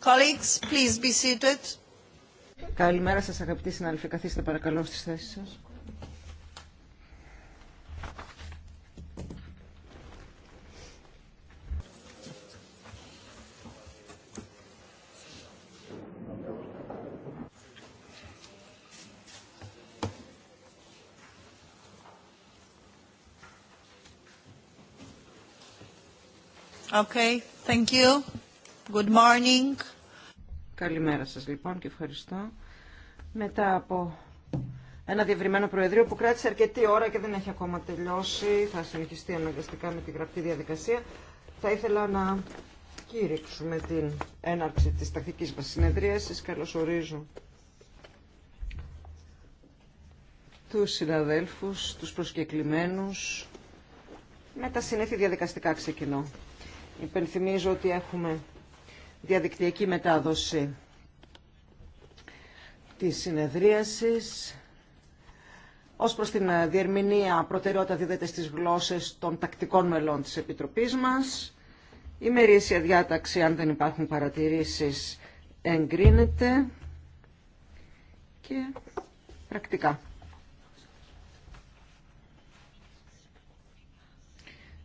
Colleagues, please be seated. Καλημέρα σας αγαπητοί συνάδελφοι. Καθίστε παρακαλώ στις θέσεις σας. Okay, thank you. Good morning. Καλημέρα σας λοιπόν και ευχαριστώ. Μετά από ένα διευρυμένο προεδρείο που κράτησε αρκετή ώρα και δεν έχει ακόμα τελειώσει, θα συνεχιστεί αναγκαστικά με τη γραπτή διαδικασία, θα ήθελα να κήρυξουμε την έναρξη της τακτικής μας συνεδρίασης. Καλωσορίζω τους συναδέλφους, τους προσκεκλημένους. Με τα συνέχεια διαδικαστικά ξεκινώ. Υπενθυμίζω ότι έχουμε διαδικτυακή μετάδοση της συνεδρίασης. Ως προς την ε, διερμηνία, προτεραιότητα δίδεται στις γλώσσες των τακτικών μελών της Επιτροπής μας. Η μερίσια διάταξη, αν δεν υπάρχουν παρατηρήσεις, εγκρίνεται και πρακτικά.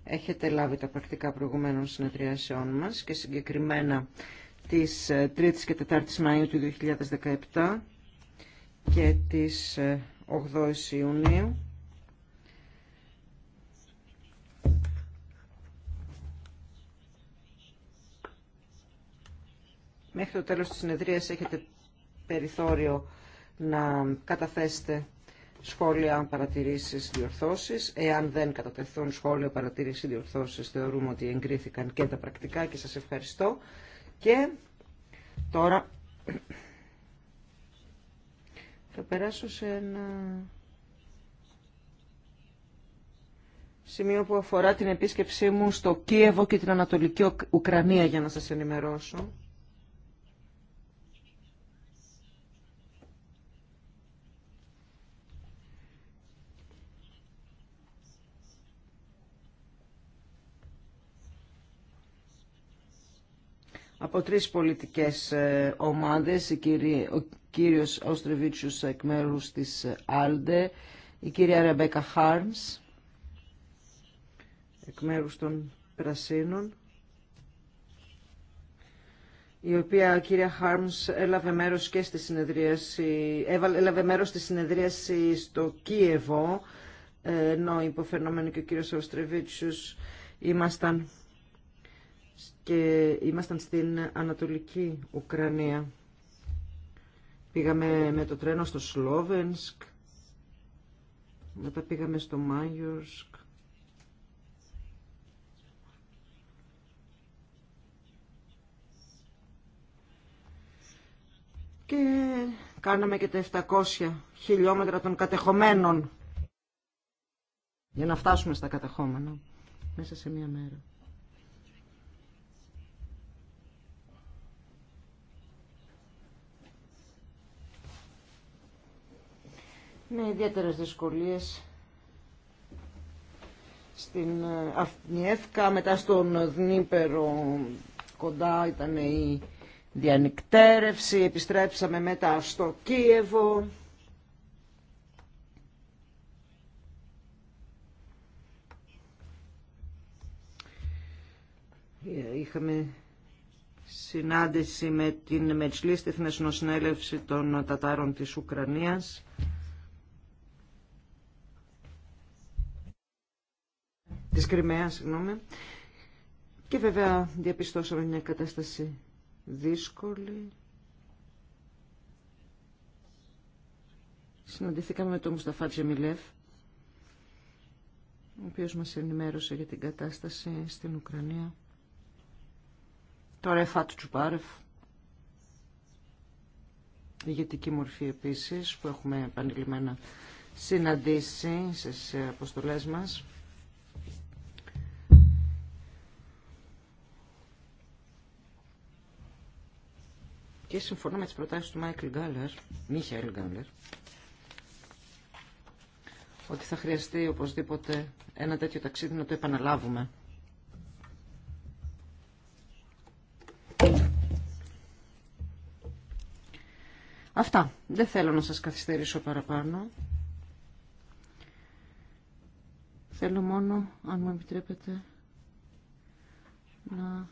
Έχετε λάβει τα πρακτικά προηγουμένων συνεδριάσεών μας και συγκεκριμένα ε, της 3ης και 4ης Μαΐου του 2017 και της ε, 8ης Ιουνίου. Μέχρι το τέλος της συνεδρίας έχετε περιθώριο να καταθέσετε σχόλια, παρατηρήσει διορθώσεις. Εάν δεν κατατεθούν σχόλια, παρατηρήσει διορθώσει, θεωρούμε ότι εγκρίθηκαν και τα πρακτικά και σας ευχαριστώ. Και τώρα θα περάσω σε ένα σημείο που αφορά την επίσκεψή μου στο Κίεβο και την Ανατολική Ουκρανία για να σας ενημερώσω. από τρεις πολιτικές ε, ομάδες, η ο κύριος Όστρεβίτσιος εκ μέρου της ε, Άλντε, η κυρία Ρεμπέκα Χάρμς εκ μέρου των Πρασίνων, η οποία κυρία Χάρμς έλαβε μέρος και στη συνεδρίαση, έλαβε μέρος στη συνεδρίαση στο Κίεβο, ε, ενώ υποφαινόμενο και ο κύριος Οστρεβίτσιος ήμασταν και ήμασταν στην Ανατολική Ουκρανία. Πήγαμε με το τρένο στο Σλόβενσκ, μετά πήγαμε στο Μάγιορσκ. Και κάναμε και τα 700 χιλιόμετρα των κατεχομένων για να φτάσουμε στα κατεχόμενα μέσα σε μία μέρα. με ιδιαίτερες δυσκολίες στην ε, Αφνιέφκα, μετά στον Δνήπερο κοντά ήταν η διανυκτέρευση, επιστρέψαμε μετά στο Κίεβο. Ε, είχαμε συνάντηση με την Μετσλίστη Διεθνές Συνέλευση των Τατάρων της Ουκρανίας. της Κρυμαίας, συγγνώμη. Και βέβαια διαπιστώσαμε μια κατάσταση δύσκολη. Συναντηθήκαμε με τον Μουσταφά Τζεμιλεύ, ο οποίος μας ενημέρωσε για την κατάσταση στην Ουκρανία. Το εφάτου Τσουπάρεφ, ηγετική μορφή επίσης, που έχουμε επανειλημμένα συναντήσει στις αποστολές μας. και συμφωνώ με τις προτάσεις του Μάικλ Μίχαελ Γκάλερ, ότι θα χρειαστεί οπωσδήποτε ένα τέτοιο ταξίδι να το επαναλάβουμε. Αυτά. Δεν θέλω να σας καθυστερήσω παραπάνω. Θέλω μόνο, αν μου επιτρέπετε, να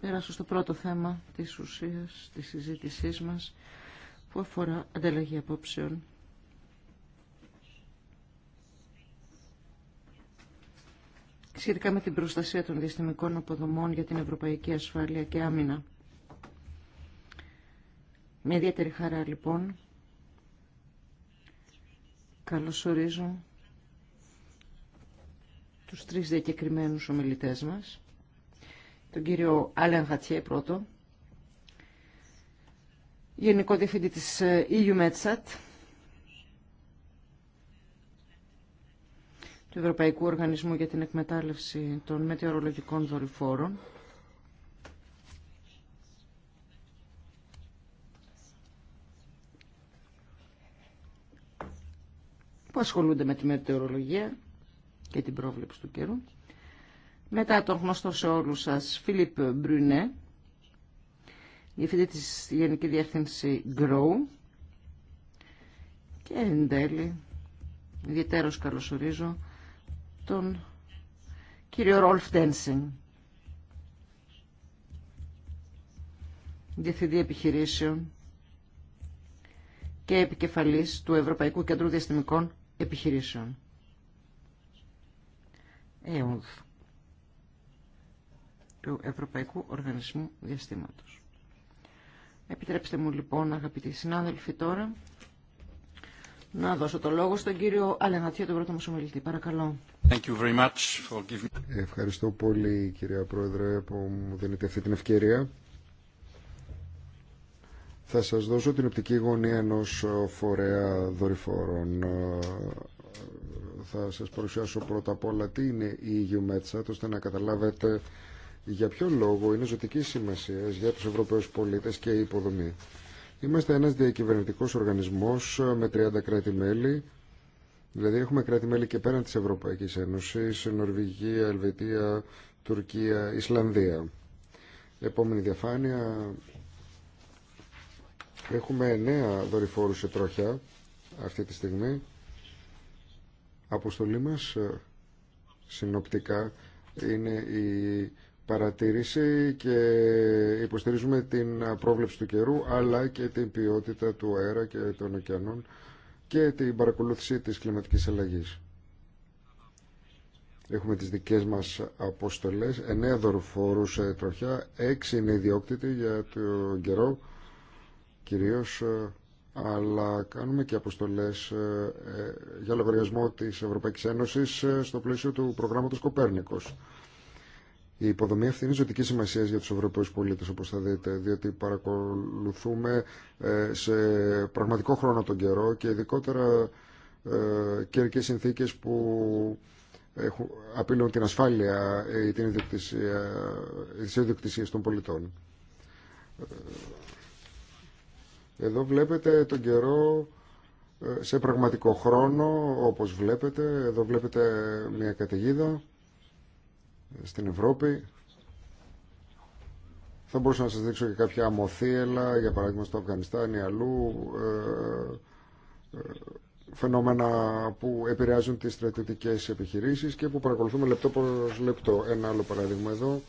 περάσω στο πρώτο θέμα της ουσίας της συζήτησής μας που αφορά ανταλλαγή απόψεων. σχετικά με την προστασία των διαστημικών αποδομών για την ευρωπαϊκή ασφάλεια και άμυνα. Με ιδιαίτερη χαρά λοιπόν καλωσορίζω τους τρεις διακεκριμένους ομιλητές μας τον κύριο Αλέν πρώτο, Γενικό Διευθυντή της ε, EU του Ευρωπαϊκού Οργανισμού για την Εκμετάλλευση των Μετεωρολογικών Δορυφόρων, που ασχολούνται με τη μετεωρολογία και την πρόβλεψη του καιρού. Μετά τον γνωστό σε όλους σας Φιλίπ Μπρουνέ, διευθυντή της Γενική Διεύθυνση Grow και εν τέλει, ιδιαίτερος καλωσορίζω, τον κύριο Ρόλφ Τένσιν, διευθυντή επιχειρήσεων και επικεφαλής του Ευρωπαϊκού Κέντρου Διαστημικών Επιχειρήσεων του Ευρωπαϊκού Οργανισμού Διαστήματος. Επιτρέψτε μου λοιπόν αγαπητοί συνάδελφοι τώρα να δώσω το λόγο στον κύριο Αλενατία, τον πρώτο μας ομιλητή. Παρακαλώ. Thank you very much for giving... Ευχαριστώ πολύ κυρία Πρόεδρε που μου δίνετε αυτή την ευκαιρία. Θα σας δώσω την οπτική γωνία ενός φορέα δορυφόρων. Θα σας παρουσιάσω πρώτα απ' όλα τι είναι η EUMETSAT, ώστε να καταλάβετε για ποιο λόγο είναι ζωτική σημασία για τους Ευρωπαίους πολίτες και η υποδομή. Είμαστε ένας διακυβερνητικό οργανισμός με 30 κράτη-μέλη, δηλαδή έχουμε κράτη-μέλη και πέραν τη Ευρωπαϊκή Ένωση, Νορβηγία, Ελβετία, Τουρκία, Ισλανδία. Επόμενη διαφάνεια, έχουμε 9 δορυφόρου σε τρόχια αυτή τη στιγμή. Αποστολή μας ε, συνοπτικά είναι η παρατήρηση και υποστηρίζουμε την πρόβλεψη του καιρού αλλά και την ποιότητα του αέρα και των ωκεανών και την παρακολούθηση της κλιματικής αλλαγής. Έχουμε τις δικές μας αποστολές, 9 δορυφόρους ε, τροχιά, 6 είναι ιδιόκτητοι για τον καιρό κυρίως, ε, αλλά κάνουμε και αποστολές ε, για λογαριασμό της Ευρωπαϊκής Ένωσης στο πλαίσιο του προγράμματος Κοπέρνικος. Η υποδομή αυτή είναι ζωτική σημασία για του Ευρωπαίου πολίτε, όπω θα δείτε, διότι παρακολουθούμε ε, σε πραγματικό χρόνο τον καιρό και ειδικότερα ε, καιρικέ συνθήκε που απειλούν την ασφάλεια ε, ή την ιδιοκτησία, των πολιτών. Εδώ βλέπετε τον καιρό σε πραγματικό χρόνο, όπως βλέπετε. Εδώ βλέπετε μια καταιγίδα στην Ευρώπη. Θα μπορούσα να σας δείξω και κάποια αμοθίελα, για παράδειγμα στο Αφγανιστάν ή αλλού, ε, ε, φαινόμενα που επηρεάζουν τις στρατιωτικές επιχειρήσεις και που παρακολουθούμε λεπτό προς λεπτό. Ένα άλλο παράδειγμα εδώ,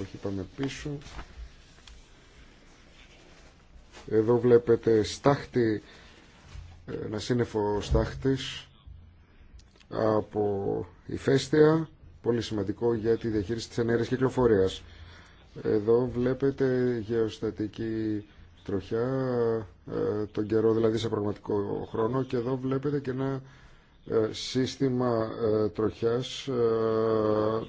όχι πάμε πίσω. Εδώ βλέπετε στάχτη, ε, ένα σύννεφο στάχτης από ηφαίστεια πολύ σημαντικό για τη διαχείριση της ενέργειας κυκλοφορίας. Εδώ βλέπετε γεωστατική τροχιά, ε, τον καιρό δηλαδή σε πραγματικό χρόνο και εδώ βλέπετε και ένα ε, σύστημα ε, τροχιάς,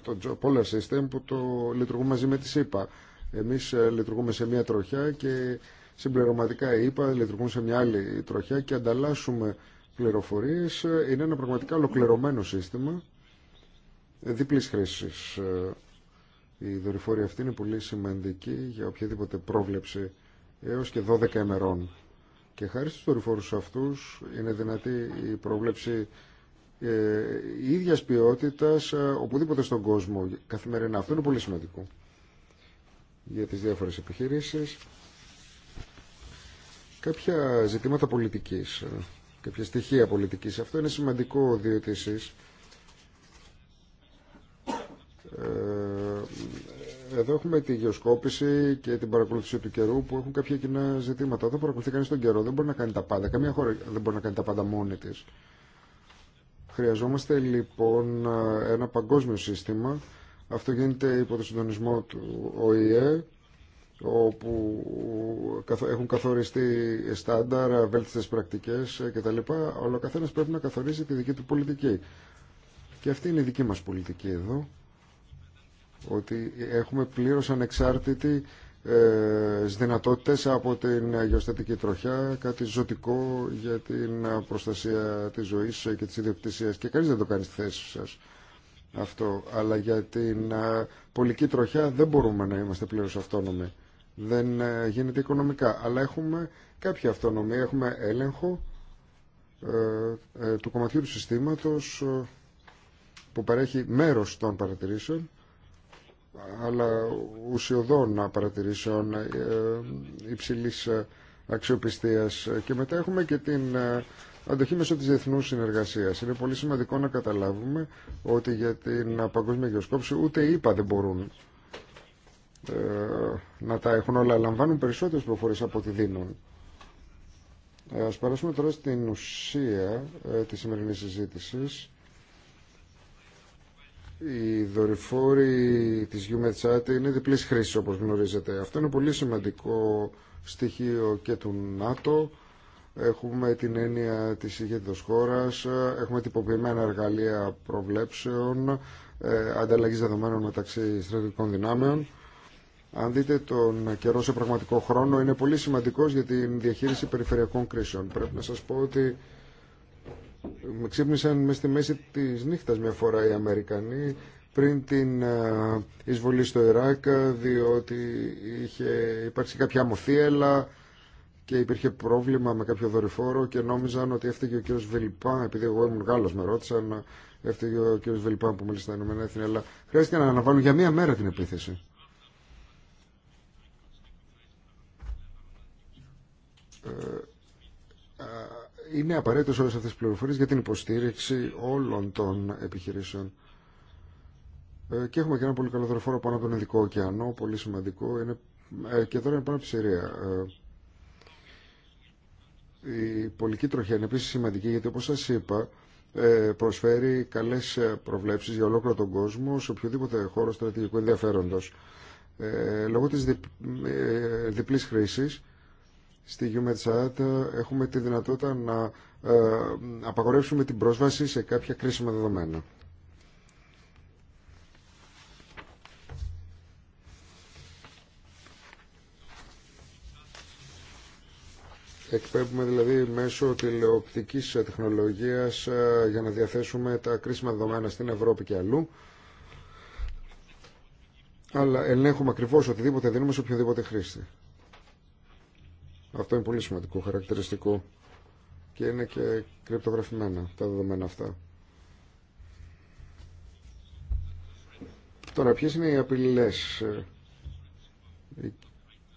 το Polar System που το λειτουργούμε μαζί με τη ΣΥΠΑ. Εμείς λειτουργούμε σε μια τροχιά και συμπληρωματικά η ΕΠΑ λειτουργούν σε μια άλλη τροχιά και ανταλλάσσουμε πληροφορίες. Είναι ένα πραγματικά ολοκληρωμένο σύστημα διπλής χρήσης. Ε, η δορυφόρη αυτή είναι πολύ σημαντική για οποιαδήποτε πρόβλεψη έως και 12 ημερών. Και χάρη στους δορυφόρους αυτούς είναι δυνατή η πρόβλεψη ε, ίδιας ποιότητας ε, οπουδήποτε στον κόσμο καθημερινά. Αυτό είναι πολύ σημαντικό για τις διάφορες επιχειρήσεις. Κάποια ζητήματα πολιτικής, ε, κάποια στοιχεία πολιτικής. Αυτό είναι σημαντικό διότι ε, εδώ έχουμε τη γεωσκόπηση και την παρακολούθηση του καιρού που έχουν κάποια κοινά ζητήματα. Όταν παρακολουθεί κανεί τον καιρό δεν μπορεί να κάνει τα πάντα. Καμία χώρα δεν μπορεί να κάνει τα πάντα μόνη τη. Χρειαζόμαστε λοιπόν ένα παγκόσμιο σύστημα. Αυτό γίνεται υπό το συντονισμό του ΟΗΕ όπου έχουν καθοριστεί στάνταρ, βέλτιστες πρακτικέ ε, κτλ. Αλλά ο καθένα πρέπει να καθορίζει τη δική του πολιτική. Και αυτή είναι η δική μα πολιτική εδώ ότι έχουμε πλήρως ανεξάρτητη ε, δυνατότητες από την αγιοστατική τροχιά, κάτι ζωτικό για την προστασία της ζωής και της ιδιοκτησίας και κανείς δεν το κάνει στη θέση σας αυτό, αλλά για την ε, πολική τροχιά δεν μπορούμε να είμαστε πλήρως αυτόνομοι δεν ε, γίνεται οικονομικά αλλά έχουμε κάποια αυτονομία έχουμε έλεγχο του κομματιού του συστήματος που παρέχει μέρος των παρατηρήσεων αλλά ουσιοδών παρατηρήσεων ε, υψηλής αξιοπιστίας και μετά έχουμε και την ε, αντοχή μέσω της Διεθνού συνεργασίας. Είναι πολύ σημαντικό να καταλάβουμε ότι για την παγκόσμια γεωσκόψη ούτε οι δεν μπορούν ε, να τα έχουν όλα. Λαμβάνουν περισσότερες προφορές από ό,τι δίνουν. Ας περάσουμε τώρα στην ουσία της σημερινής συζήτησης οι δορυφόροι της UMETSAT είναι διπλής χρήση, όπως γνωρίζετε. Αυτό είναι πολύ σημαντικό στοιχείο και του ΝΑΤΟ. Έχουμε την έννοια της ηγέτητος χώρας, έχουμε τυποποιημένα εργαλεία προβλέψεων, ε, ανταλλαγής δεδομένων μεταξύ στρατιωτικών δυνάμεων. Αν δείτε τον καιρό σε πραγματικό χρόνο, είναι πολύ σημαντικός για την διαχείριση περιφερειακών κρίσεων. Πρέπει να σας πω ότι με ξύπνησαν μέσα στη μέση της νύχτας μια φορά οι Αμερικανοί πριν την ε, εισβολή στο Ιράκ διότι είχε υπάρξει κάποια αμοθίελα και υπήρχε πρόβλημα με κάποιο δορυφόρο και νόμιζαν ότι έφταιγε ο κύριος Βελιπάν επειδή εγώ ήμουν Γάλλος με ρώτησαν ε, έφταιγε ο κύριος Βελιπάν που μίλησε στα Ηνωμένα Έθνη αλλά χρειάστηκε να αναβάλουν για μία μέρα την επίθεση. Ε, είναι απαραίτητο όλες αυτές τι πληροφορίες για την υποστήριξη όλων των επιχειρήσεων. Ε, και έχουμε και ένα πολύ καλό δροφόρο πάνω από τον Ειδικό Ωκεανό, πολύ σημαντικό. Είναι, ε, και τώρα είναι πάνω από τη Συρία. Ε, η πολική τροχιά είναι επίση σημαντική γιατί όπως σας είπα προσφέρει καλές προβλέψεις για ολόκληρο τον κόσμο σε οποιοδήποτε χώρο στρατηγικού ενδιαφέροντος. Λόγω της διπλής χρήση στη UMEDSAT ε, έχουμε τη δυνατότητα να ε, απαγορεύσουμε την πρόσβαση σε κάποια κρίσιμα δεδομένα. Εκπέμπουμε δηλαδή μέσω τηλεοπτικής τεχνολογίας ε, για να διαθέσουμε τα κρίσιμα δεδομένα στην Ευρώπη και αλλού. Αλλά ελέγχουμε ακριβώς οτιδήποτε δίνουμε σε οποιοδήποτε χρήστη. Αυτό είναι πολύ σημαντικό χαρακτηριστικό και είναι και κρυπτογραφημένα τα δεδομένα αυτά. Τώρα, ποιες είναι οι απειλές, ε, οι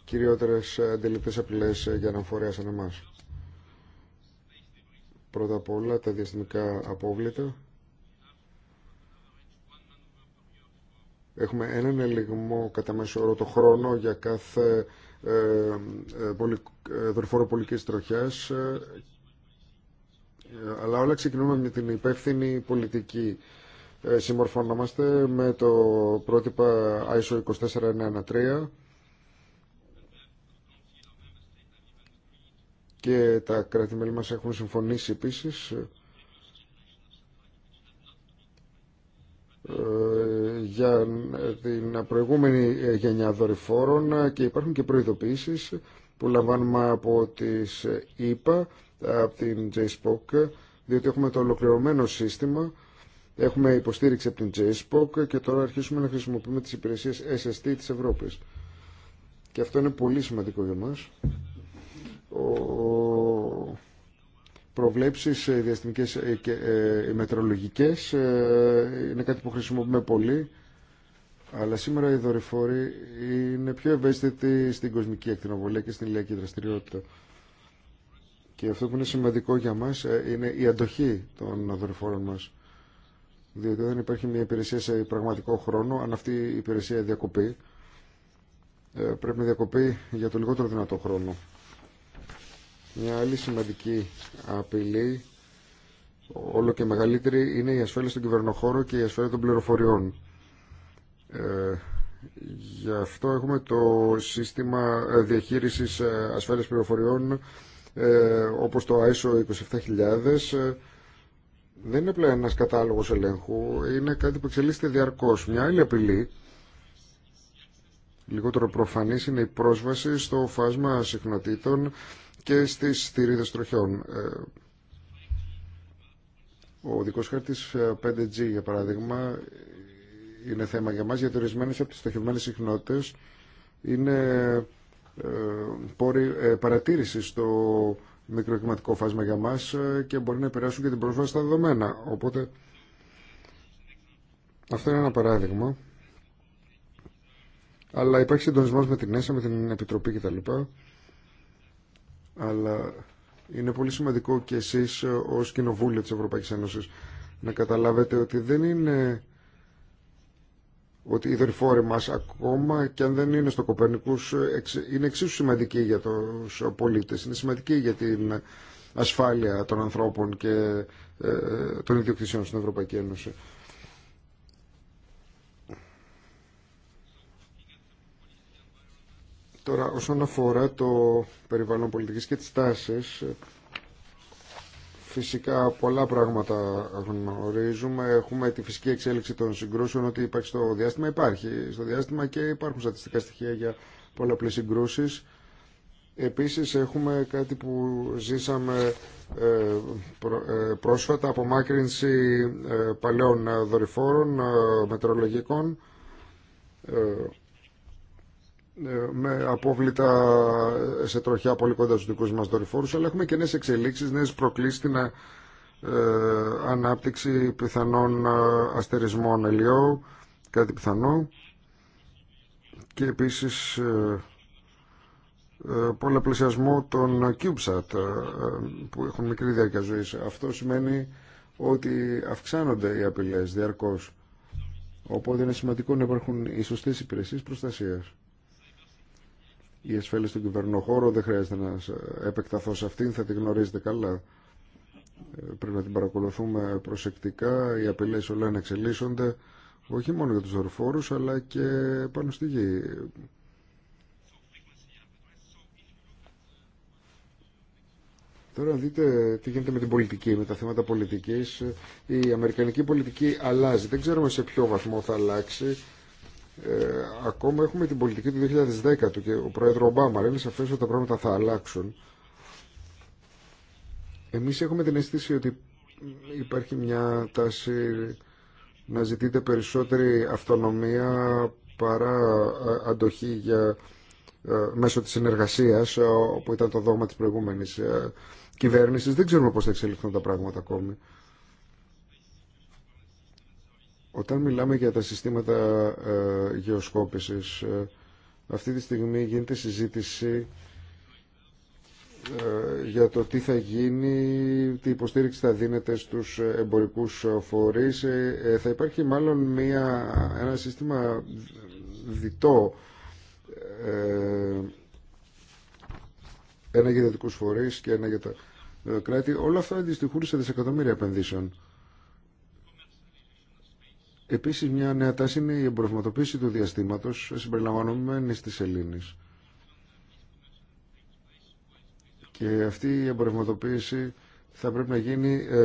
κυριότερες αντιληπτές απειλές ε, για να φορέα σαν εμάς. Πρώτα απ' όλα τα διαστημικά απόβλητα. Έχουμε έναν ελιγμό κατά μέσο όρο το χρόνο για κάθε ε, ε, ε, δορυφοροπολικής τροχιάς αλλά όλα ξεκινούμε με την υπεύθυνη πολιτική. Συμμορφωνόμαστε με το πρότυπα ISO 24113 και τα κράτη-μέλη μας έχουν συμφωνήσει επίσης για την προηγούμενη γενιά δορυφόρων και υπάρχουν και προειδοποιήσεις που λαμβάνουμε από τις ΕΠΑ, από την JSPOC, διότι έχουμε το ολοκληρωμένο σύστημα, έχουμε υποστήριξη από την JSPOC και τώρα αρχίσουμε να χρησιμοποιούμε τις υπηρεσίες SST της Ευρώπης. Και αυτό είναι πολύ σημαντικό για μας. Ο... Προβλέψεις ε, διαστημικές ε, και ε, μετρολογικές είναι κάτι που χρησιμοποιούμε πολύ αλλά σήμερα οι δορυφόροι είναι πιο ευαίσθητοι στην κοσμική ακτινοβολία και στην ηλιακή δραστηριότητα. Και αυτό που είναι σημαντικό για μας ε, είναι η αντοχή των δορυφόρων μας. Διότι δεν υπάρχει μια υπηρεσία σε πραγματικό χρόνο, αν αυτή η υπηρεσία διακοπεί, ε, πρέπει να διακοπεί για το λιγότερο δυνατό χρόνο. Μια άλλη σημαντική απειλή, όλο και μεγαλύτερη, είναι η ασφάλεια στον κυβερνοχώρο και η ασφάλεια των πληροφοριών. Ε, γι' αυτό έχουμε το σύστημα ε, διαχείρισης ε, ασφάλειας πληροφοριών όπως το ISO 27000 δεν είναι απλά ένας κατάλογος ελέγχου, είναι κάτι που εξελίσσεται διαρκώς. Μια άλλη απειλή, λιγότερο προφανής, είναι η πρόσβαση στο φάσμα συχνοτήτων και στις στηρίδες τροχιών. Ο δικός χάρτης 5G, για παράδειγμα, είναι θέμα για μας, γιατί ορισμένε από τις στοχευμένες συχνότητες είναι ε, ε παρατήρηση στο μικροκλιματικό φάσμα για μας ε, και μπορεί να επηρεάσουν και την πρόσβαση στα δεδομένα. Οπότε αυτό είναι ένα παράδειγμα. Αλλά υπάρχει συντονισμός με την ΕΣΑ, με την Επιτροπή κτλ. Αλλά είναι πολύ σημαντικό και εσείς ε, ως Κοινοβούλιο της Ευρωπαϊκής Ένωσης να καταλάβετε ότι δεν είναι ότι οι δορυφόροι μας ακόμα και αν δεν είναι στο Κοπέρνικους είναι εξίσου σημαντικοί για τους πολίτες, είναι σημαντικοί για την ασφάλεια των ανθρώπων και ε, των ιδιοκτησιών στην Ευρωπαϊκή Ένωση. Τώρα όσον αφορά το περιβάλλον πολιτικής και τις τάσεις Φυσικά πολλά πράγματα γνωρίζουμε. Έχουμε τη φυσική εξέλιξη των συγκρούσεων ότι υπάρχει στο διάστημα. Υπάρχει στο διάστημα και υπάρχουν στατιστικά στοιχεία για πολλαπλές συγκρούσεις. Επίσης έχουμε κάτι που ζήσαμε ε, ε, πρόσφατα, απομάκρυνση ε, παλαιών δορυφόρων μετρολογικών. Ναι, με απόβλητα ε, σε τροχιά πολύ κοντά στους δικούς μας δορυφόρους, αλλά έχουμε και νέες εξελίξεις, νέες προκλήσεις στην ε, ανάπτυξη πιθανών ε, αστερισμών ελιό, κάτι πιθανό. Και επίσης ε, πολλαπλησιασμό των CubeSat που έχουν μικρή διάρκεια ζωής. Αυτό σημαίνει ότι αυξάνονται οι απειλές διαρκώς. Οπότε είναι σημαντικό να υπάρχουν οι σωστές υπηρεσίες προστασίας η του στον κυβερνοχώρο δεν χρειάζεται να επεκταθώ σε αυτήν, θα τη γνωρίζετε καλά. Ε, πρέπει να την παρακολουθούμε προσεκτικά, οι απειλές όλα να εξελίσσονται, όχι μόνο για τους δορφόρους, αλλά και πάνω στη γη. Τώρα δείτε τι γίνεται με την πολιτική, με τα θέματα πολιτικής. Η αμερικανική πολιτική αλλάζει. Δεν ξέρουμε σε ποιο βαθμό θα αλλάξει. Ε, ακόμα έχουμε την πολιτική του 2010 του και ο πρόεδρο Ομπάμα λένε σαφέ ότι τα πράγματα θα αλλάξουν. Εμείς έχουμε την αίσθηση ότι υπάρχει μια τάση να ζητείτε περισσότερη αυτονομία παρά ε, αντοχή για, ε, μέσω της συνεργασίας που ήταν το δόγμα της προηγούμενης κυβέρνησης. Δεν ξέρουμε πώς θα εξελιχθούν τα πράγματα ακόμη. Όταν μιλάμε για τα συστήματα ε, γεωσκόπησης, ε, αυτή τη στιγμή γίνεται συζήτηση ε, για το τι θα γίνει, τι υποστήριξη θα δίνεται στους εμπορικούς φορείς. Θα υπάρχει μάλλον μια, ένα σύστημα διτό ένα για δυτικούς φορείς και ένα για τα κράτη. Όλα αυτά αντιστοιχούν σε δισεκατομμύρια επενδύσεων. Επίση, μια νέα τάση είναι η εμπορευματοποίηση του διαστήματος συμπεριλαμβανωμένη τη σελήνη. Και αυτή η εμπορευματοποίηση θα πρέπει να γίνει ε,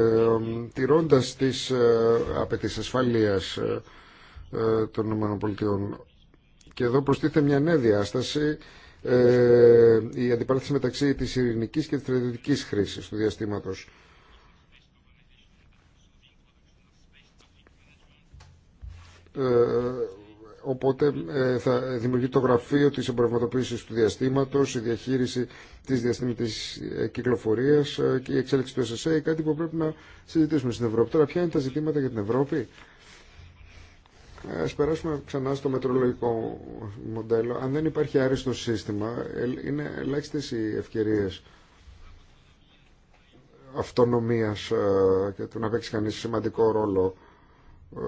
τηρώντας τις ε, απαιτήσεις ασφαλείας ε, ε των ΗΠΑ. Και εδώ προστίθεται μια νέα διάσταση ε, η αντιπαράθεση μεταξύ της ειρηνικής και της στρατιωτικής χρήσης του διαστήματος. Ε, οπότε ε, θα δημιουργεί το γραφείο της εμπορευματοποίησης του διαστήματος, η διαχείριση της διαστήματης ε, κυκλοφορίας και η εξέλιξη του SSA, κάτι που πρέπει να συζητήσουμε στην Ευρώπη. Τώρα ποια είναι τα ζητήματα για την Ευρώπη. Ας περάσουμε ξανά στο μετρολογικό μοντέλο. Αν δεν υπάρχει άριστο σύστημα, είναι ελάχιστε οι ευκαιρίε αυτονομίας και του να παίξει κανείς σημαντικό ρόλο ε,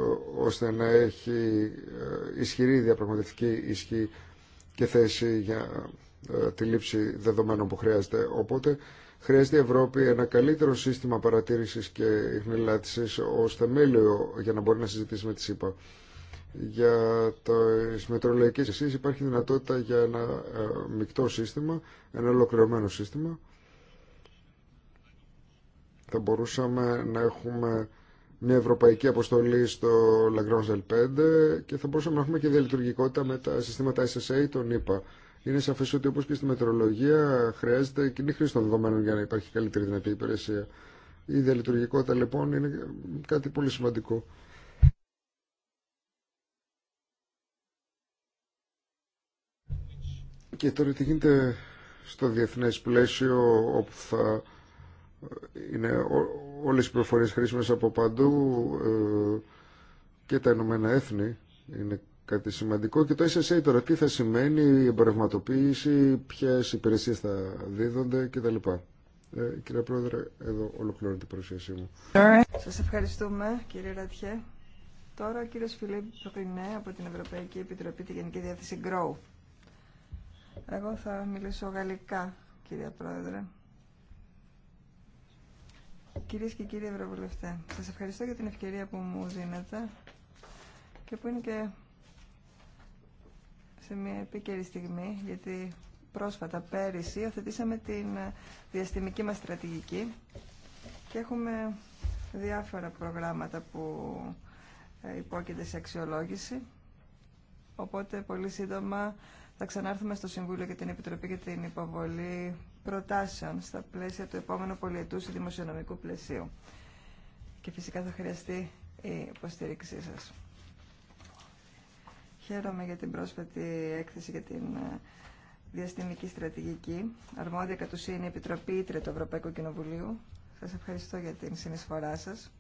ώστε να έχει ε, ισχυρή διαπραγματευτική ισχύ και θέση για ε, τη λήψη δεδομένων που χρειάζεται. Οπότε χρειάζεται η Ευρώπη ένα καλύτερο σύστημα παρατήρησης και ειχνηλάτησης ως θεμέλιο για να μπορεί να συζητήσει με τη ΣΥΠΑ. Για το μετρολογικές εσείς υπάρχει δυνατότητα για ένα μεικτό σύστημα, ένα ολοκληρωμένο σύστημα. Θα μπορούσαμε να έχουμε μια ευρωπαϊκή αποστολή στο Lagrange 5 και θα μπορούσαμε να έχουμε και διαλειτουργικότητα με τα συστήματα SSA, τον είπα. Είναι σαφέ ότι όπω και στη μετρολογία χρειάζεται κοινή χρήση των δεδομένων για να υπάρχει καλύτερη δυνατή υπηρεσία. Η διαλειτουργικότητα λοιπόν είναι κάτι πολύ σημαντικό. Και τώρα τι γίνεται στο διεθνές πλαίσιο όπου θα είναι όλες οι πληροφορίες χρήσιμες από παντού ε, και τα Ηνωμένα Έθνη είναι κάτι σημαντικό και το SSA τώρα τι θα σημαίνει η εμπορευματοποίηση, ποιες υπηρεσίες θα δίδονται κτλ. Ε, κύριε Πρόεδρε, εδώ ολοκληρώνει την παρουσίασή μου. Σας ευχαριστούμε κύριε Ρατιέ. Τώρα ο κύριος Φιλίπ Προκρινέ από την Ευρωπαϊκή Επιτροπή τη Γενική Διάθεση GROW. Εγώ θα μιλήσω γαλλικά, κυρία Πρόεδρε. Κυρίες και κύριοι Ευρωβουλευτέ, σας ευχαριστώ για την ευκαιρία που μου δίνετε και που είναι και σε μια επίκαιρη στιγμή, γιατί πρόσφατα πέρυσι οθετήσαμε την διαστημική μας στρατηγική και έχουμε διάφορα προγράμματα που ε, υπόκειται σε αξιολόγηση. Οπότε πολύ σύντομα θα ξανάρθουμε στο Συμβούλιο και την Επιτροπή για την υποβολή προτάσεων στα πλαίσια του επόμενου πολιετού δημοσιονομικού πλαισίου. Και φυσικά θα χρειαστεί η υποστήριξή σας. Χαίρομαι για την πρόσφατη έκθεση για την ε, διαστημική στρατηγική. Αρμόδια κατ' ουσία είναι η Επιτροπή Ήτρε του Ευρωπαϊκού Κοινοβουλίου. Σας ευχαριστώ για την συνεισφορά σας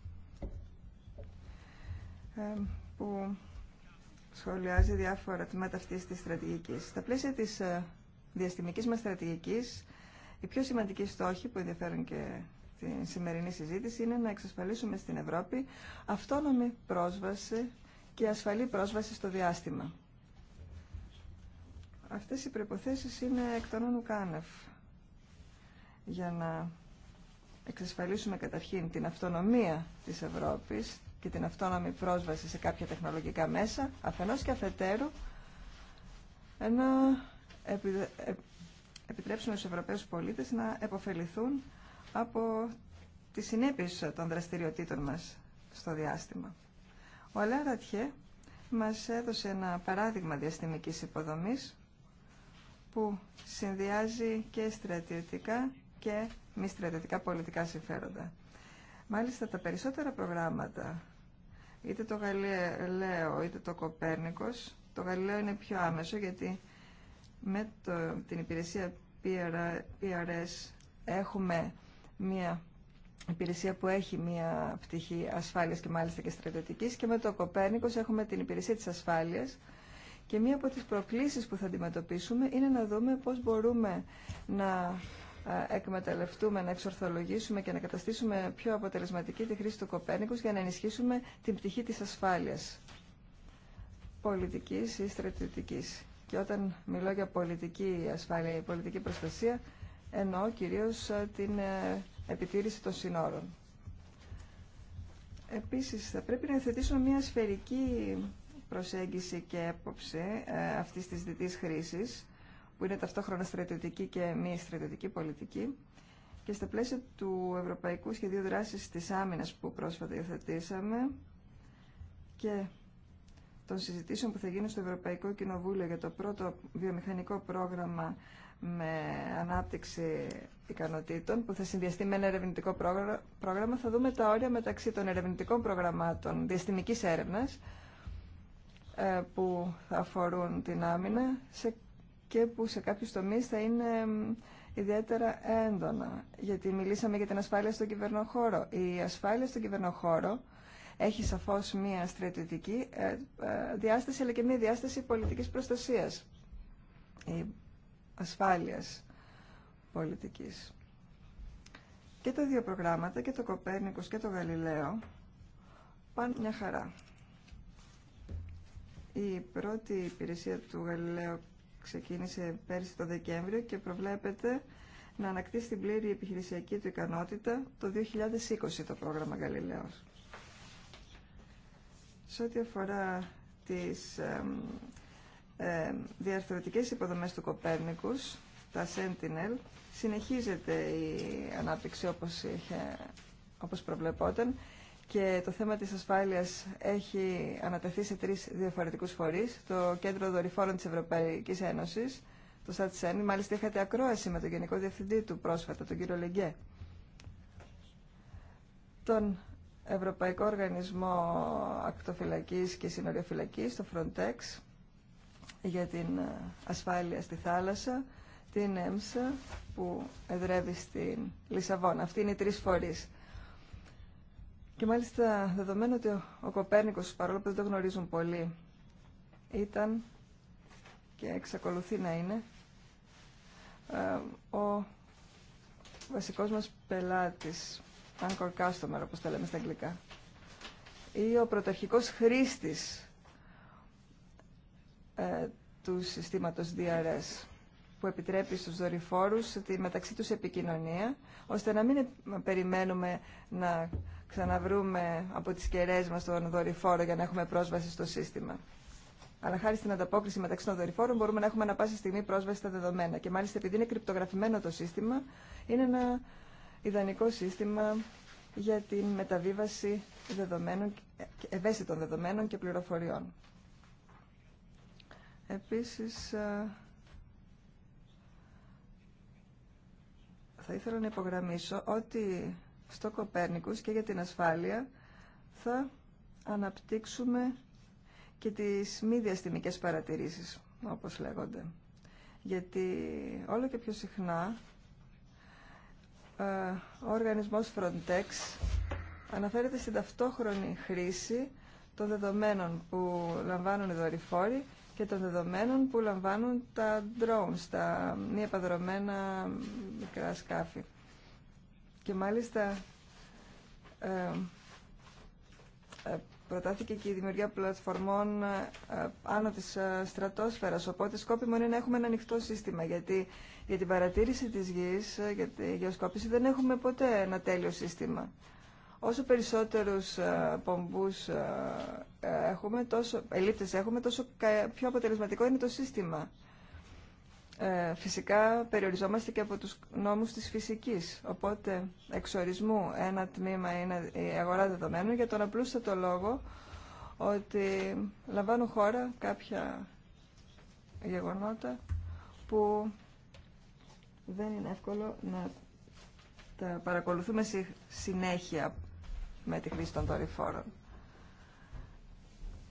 ε, που σχολιάζει διάφορα τμήματα αυτής της στρατηγικής. Στα πλαίσια της ε, διαστημικής μας στρατηγικής οι πιο σημαντικοί στόχοι που ενδιαφέρουν και τη σημερινή συζήτηση είναι να εξασφαλίσουμε στην Ευρώπη αυτόνομη πρόσβαση και ασφαλή πρόσβαση στο διάστημα. Αυτές οι προϋποθέσεις είναι εκ των για να εξασφαλίσουμε καταρχήν την αυτονομία της Ευρώπης και την αυτόνομη πρόσβαση σε κάποια τεχνολογικά μέσα, αφενός και αφετέρου, ε, επιτρέψουμε στους Ευρωπαίους πολίτες να επωφεληθούν από τις συνέπειες των δραστηριοτήτων μας στο διάστημα. Ο Αλέα Ρατιέ μας έδωσε ένα παράδειγμα διαστημικής υποδομής που συνδυάζει και στρατιωτικά και μη στρατιωτικά πολιτικά συμφέροντα. Μάλιστα τα περισσότερα προγράμματα, είτε το Γαλλιλαίο είτε το Κοπέρνικος, το Γαλλιλαίο είναι πιο άμεσο γιατί με το, την υπηρεσία PRS έχουμε μια υπηρεσία που έχει μια πτυχή ασφάλειας και μάλιστα και στρατιωτικής και με το Κοπέρνικος έχουμε την υπηρεσία της ασφάλειας και μία από τις προκλήσεις που θα αντιμετωπίσουμε είναι να δούμε πώς μπορούμε να ε, εκμεταλλευτούμε, να εξορθολογήσουμε και να καταστήσουμε πιο αποτελεσματική τη χρήση του Κοπέρνικους για να ενισχύσουμε την πτυχή της ασφάλειας πολιτικής ή στρατιωτικής. Και όταν μιλώ για πολιτική ασφάλεια ή πολιτική προστασία, εννοώ κυρίως ε, την ε, επιτήρηση των συνόρων. Επίσης, θα πρέπει να υιοθετήσουμε μια σφαιρική προσέγγιση και έποψη ε, αυτής της διτής χρήσης, που είναι ταυτόχρονα στρατιωτική και μη στρατιωτική πολιτική. Και στα πλαίσια του Ευρωπαϊκού Σχεδίου Δράσης της Άμυνας που πρόσφατα υιοθετήσαμε και των συζητήσεων που θα γίνουν στο Ευρωπαϊκό Κοινοβούλιο για το πρώτο βιομηχανικό πρόγραμμα με ανάπτυξη ικανοτήτων που θα συνδυαστεί με ένα ερευνητικό πρόγραμμα θα δούμε τα όρια μεταξύ των ερευνητικών προγραμμάτων διαστημικής έρευνας ε, που θα αφορούν την άμυνα και που σε κάποιους τομείς θα είναι ιδιαίτερα έντονα. Γιατί μιλήσαμε για την ασφάλεια στον κυβερνοχώρο. Η ασφάλεια στον κυβερνοχώρο έχει σαφώς μία στρατιωτική ε, ε, διάσταση, αλλά και μία διάσταση πολιτικής προστασίας ή ασφάλειας πολιτικής. Και τα δύο προγράμματα, και το Κοπέρνικος και το Γαλιλαίο, πάνε μια χαρά. Η πρώτη υπηρεσία του Γαλιλαίου ξεκίνησε πέρσι το Δεκέμβριο και προβλέπεται να ανακτήσει την πλήρη επιχειρησιακή του ικανότητα το 2020 το πρόγραμμα Γαλιλαίος. Σε ό,τι αφορά τις ε, ε, του Κοπέρνικους, τα Sentinel, συνεχίζεται η ανάπτυξη όπως, είχε, όπως προβλεπόταν και το θέμα της ασφάλειας έχει ανατεθεί σε τρεις διαφορετικούς φορείς. Το Κέντρο Δορυφόρων της Ευρωπαϊκής Ένωσης, το ΣΑΤΣΕΝ, μάλιστα είχατε ακρόαση με τον Γενικό Διευθυντή του πρόσφατα, τον κύριο Λεγκέ. Τον Ευρωπαϊκό Οργανισμό Ακτοφυλακής και Συνοριοφυλακής, το Frontex, για την ε, ασφάλεια στη θάλασσα, την ΕΜΣΑ που εδρεύει στην Λισαβόνα. Αυτή είναι οι τρεις φορείς. Και μάλιστα δεδομένου ότι ο Κοπέρνικος, παρόλο που δεν το γνωρίζουν πολύ, ήταν και εξακολουθεί να είναι ε, ο βασικός μας πελάτης anchor customer, όπως τα λέμε στα αγγλικά, ή ο πρωταρχικός χρήστης ε, του συστήματος DRS που επιτρέπει στους δορυφόρους τη μεταξύ τους επικοινωνία, ώστε να μην ε, περιμένουμε να ξαναβρούμε από τις κεραίες μας τον δορυφόρο για να έχουμε πρόσβαση στο σύστημα. Αλλά χάρη στην ανταπόκριση μεταξύ των δορυφόρων μπορούμε να έχουμε ανα πάση στιγμή πρόσβαση στα δεδομένα. Και μάλιστα επειδή είναι κρυπτογραφημένο το σύστημα, είναι ένα ιδανικό σύστημα για την μεταβίβαση δεδομένων, ευαίσθητων δεδομένων και πληροφοριών. Επίσης, θα ήθελα να υπογραμμίσω ότι στο Κοπέρνικους και για την ασφάλεια θα αναπτύξουμε και τις μη διαστημικές παρατηρήσεις, όπως λέγονται. Γιατί όλο και πιο συχνά ε, ο οργανισμός Frontex αναφέρεται στην ταυτόχρονη χρήση των δεδομένων που λαμβάνουν οι δορυφόροι και των δεδομένων που λαμβάνουν τα drones, τα μη επαδρομένα μικρά σκάφη. Και μάλιστα ε, ε, προτάθηκε και η δημιουργία πλατφορμών ε, άνω της ε, στρατόσφαιρας, οπότε σκόπιμο είναι να έχουμε ένα ανοιχτό σύστημα, γιατί για την παρατήρηση της γης, ε, για τη γεωσκόπηση δεν έχουμε ποτέ ένα τέλειο σύστημα. Όσο περισσότερους πομπούς έχουμε, τόσο, ελίπτες έχουμε, τόσο πιο αποτελεσματικό είναι το σύστημα. Ε, φυσικά περιοριζόμαστε και από τους νόμους της φυσικής. Οπότε εξορισμού ένα τμήμα είναι η αγορά δεδομένων για τον απλούστατο λόγο ότι λαμβάνουν χώρα κάποια γεγονότα που δεν είναι εύκολο να τα παρακολουθούμε συνέχεια με τη χρήση των δορυφόρων.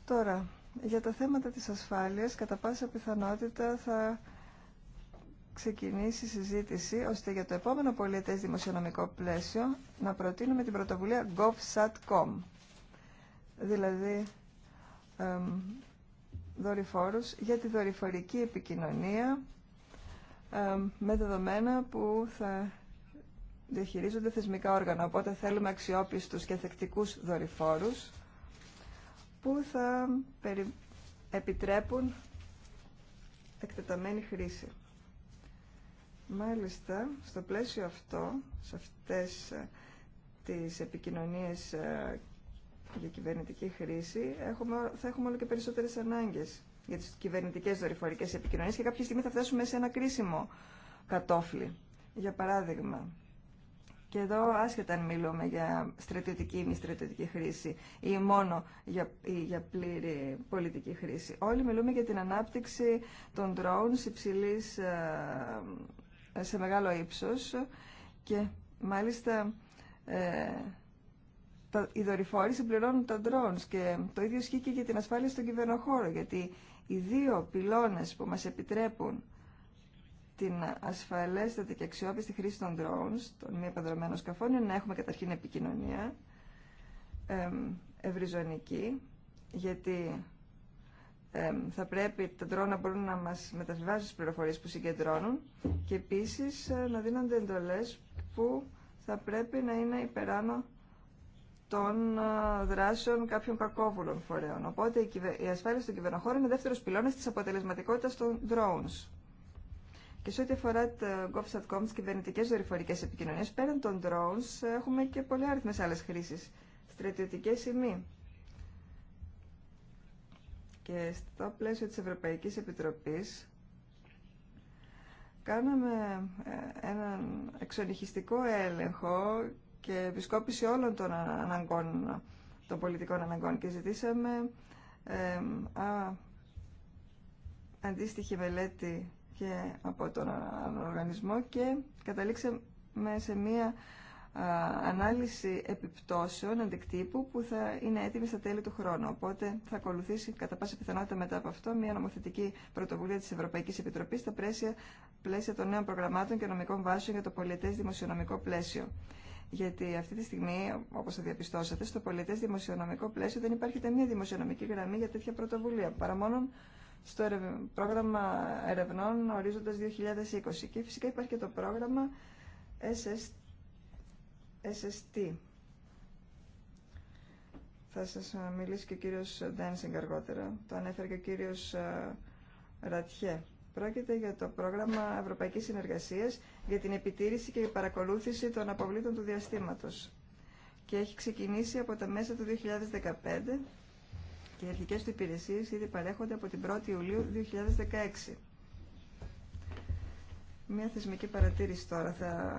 Τώρα, για τα θέματα της ασφάλειας, κατά πάσα πιθανότητα θα ξεκινήσει η συζήτηση ώστε για το επόμενο πολιετές δημοσιονομικό πλαίσιο να προτείνουμε την πρωτοβουλία GovSatCom, δηλαδή ε, δορυφόρους για τη δορυφορική επικοινωνία με δεδομένα που θα διαχειρίζονται θεσμικά όργανα. Οπότε θέλουμε αξιόπιστους και θεκτικούς δορυφόρους που θα περι... επιτρέπουν εκτεταμένη χρήση. Μάλιστα, στο πλαίσιο αυτό, σε αυτές ε, τις επικοινωνίες ε, για κυβερνητική χρήση, έχουμε, θα έχουμε όλο και περισσότερες ανάγκες για τις κυβερνητικές δορυφορικές επικοινωνίες και κάποια στιγμή θα φτάσουμε σε ένα κρίσιμο κατόφλι. Για παράδειγμα, και εδώ άσχετα αν μιλούμε για στρατιωτική ή μη στρατιωτική χρήση ή μόνο για, για πλήρη πολιτική χρήση. Όλοι μιλούμε για την ανάπτυξη των drones υψηλής ε, σε μεγάλο ύψος και μάλιστα ε, τα, οι δορυφόροι συμπληρώνουν τα drones και το ίδιο ισχύει και για την ασφάλεια στον κυβερνοχώρο γιατί οι δύο πυλώνες που μας επιτρέπουν την ασφαλέστατη και αξιόπιστη χρήση των drones, των μη επανδρομένων σκαφών, είναι να έχουμε καταρχήν επικοινωνία ευρυζωνική, γιατί θα πρέπει τα ντρόνα να μπορούν να μα μεταβιβάζουν τι πληροφορίε που συγκεντρώνουν και επίσης ε, να δίνονται εντολέ που θα πρέπει να είναι υπεράνω των ε, δράσεων κάποιων κακόβουλων φορέων. Οπότε η ασφάλεια στον κυβερνοχώρο είναι δεύτερο πυλώνα τη αποτελεσματικότητα των drones. Και σε ό,τι αφορά το GovSatcom, τι κυβερνητικέ δορυφορικέ επικοινωνίε, πέραν των drones, έχουμε και πολλέ άλλε χρήσει. Στρατιωτικέ ή μη. Και στο πλαίσιο της Ευρωπαϊκής Επιτροπής κάναμε ε, έναν εξονυχιστικό έλεγχο και επισκόπηση όλων των αναγκών, των πολιτικών αναγκών και ζητήσαμε α, αντίστοιχη μελέτη και από τον οργανισμό και καταλήξαμε σε μία ανάλυση επιπτώσεων αντικτύπου που θα είναι έτοιμη στα τέλη του χρόνου. Οπότε θα ακολουθήσει κατά πάσα πιθανότητα μετά από αυτό μια νομοθετική πρωτοβουλία τη Ευρωπαϊκή Επιτροπή στα πλαίσια, πλαίσια των νέων προγραμμάτων και νομικών βάσεων για το πολιτέ δημοσιονομικό πλαίσιο. Γιατί αυτή τη στιγμή, όπω θα διαπιστώσατε, στο πολιτέ δημοσιονομικό πλαίσιο δεν υπάρχει μια δημοσιονομική γραμμή για τέτοια πρωτοβουλία, παρά μόνο στο πρόγραμμα ερευνών Ορίζοντα 2020. Και φυσικά υπάρχει και το πρόγραμμα SST. Θα σας ε, μιλήσει και ο κύριος Ντένσινγκ αργότερα. Το ανέφερε και ο κύριος ε, Ρατιέ. Πρόκειται για το πρόγραμμα Ευρωπαϊκής Συνεργασίας για την επιτήρηση και παρακολούθηση των αποβλήτων του διαστήματος. Και έχει ξεκινήσει από τα μέσα του 2015 και οι αρχικές του υπηρεσίες ήδη παρέχονται από την 1η Ιουλίου 2016. Μία θεσμική παρατήρηση τώρα θα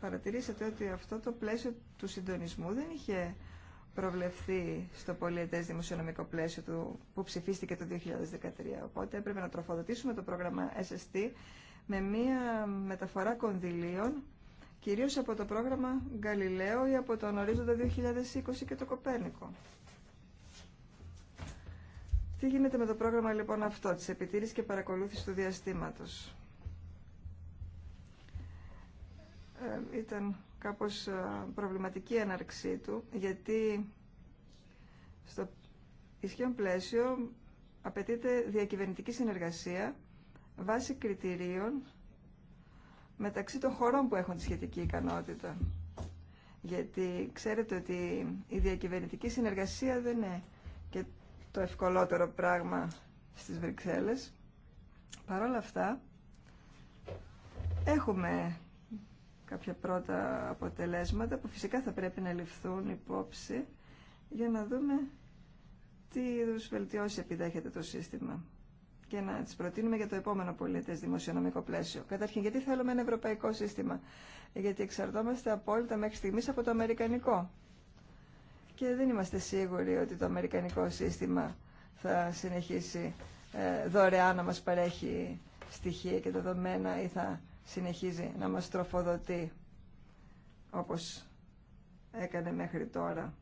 παρατηρήσατε ότι αυτό το πλαίσιο του συντονισμού δεν είχε προβλεφθεί στο πολιετές δημοσιονομικό πλαίσιο του, που ψηφίστηκε το 2013. Οπότε έπρεπε να τροφοδοτήσουμε το πρόγραμμα SST με μία μεταφορά κονδυλίων κυρίως από το πρόγραμμα Γαλιλαίο ή από τον ορίζοντα 2020 και το Κοπέρνικο. Τι γίνεται με το πρόγραμμα λοιπόν αυτό της επιτήρησης και παρακολούθησης του διαστήματος. Ε, ήταν κάπως ε, προβληματική η έναρξή του, γιατί στο ισχύον πλαίσιο απαιτείται διακυβερνητική συνεργασία βάσει κριτηρίων μεταξύ των χωρών που έχουν τη σχετική ικανότητα. Γιατί ξέρετε ότι η διακυβερνητική συνεργασία δεν είναι και το ευκολότερο πράγμα στις Βρυξέλλες. Παρ' όλα αυτά, έχουμε κάποια πρώτα αποτελέσματα που φυσικά θα πρέπει να ληφθούν υπόψη για να δούμε τι είδου βελτιώσει επιδέχεται το σύστημα και να τι προτείνουμε για το επόμενο πολίτε δημοσιονομικό πλαίσιο. Καταρχήν, γιατί θέλουμε ένα ευρωπαϊκό σύστημα. Γιατί εξαρτώμαστε απόλυτα μέχρι στιγμή από το αμερικανικό. Και δεν είμαστε σίγουροι ότι το αμερικανικό σύστημα θα συνεχίσει ε, δωρεάν να μας παρέχει στοιχεία και δεδομένα ή θα συνεχίζει να μας τροφοδοτεί όπως έκανε μέχρι τώρα.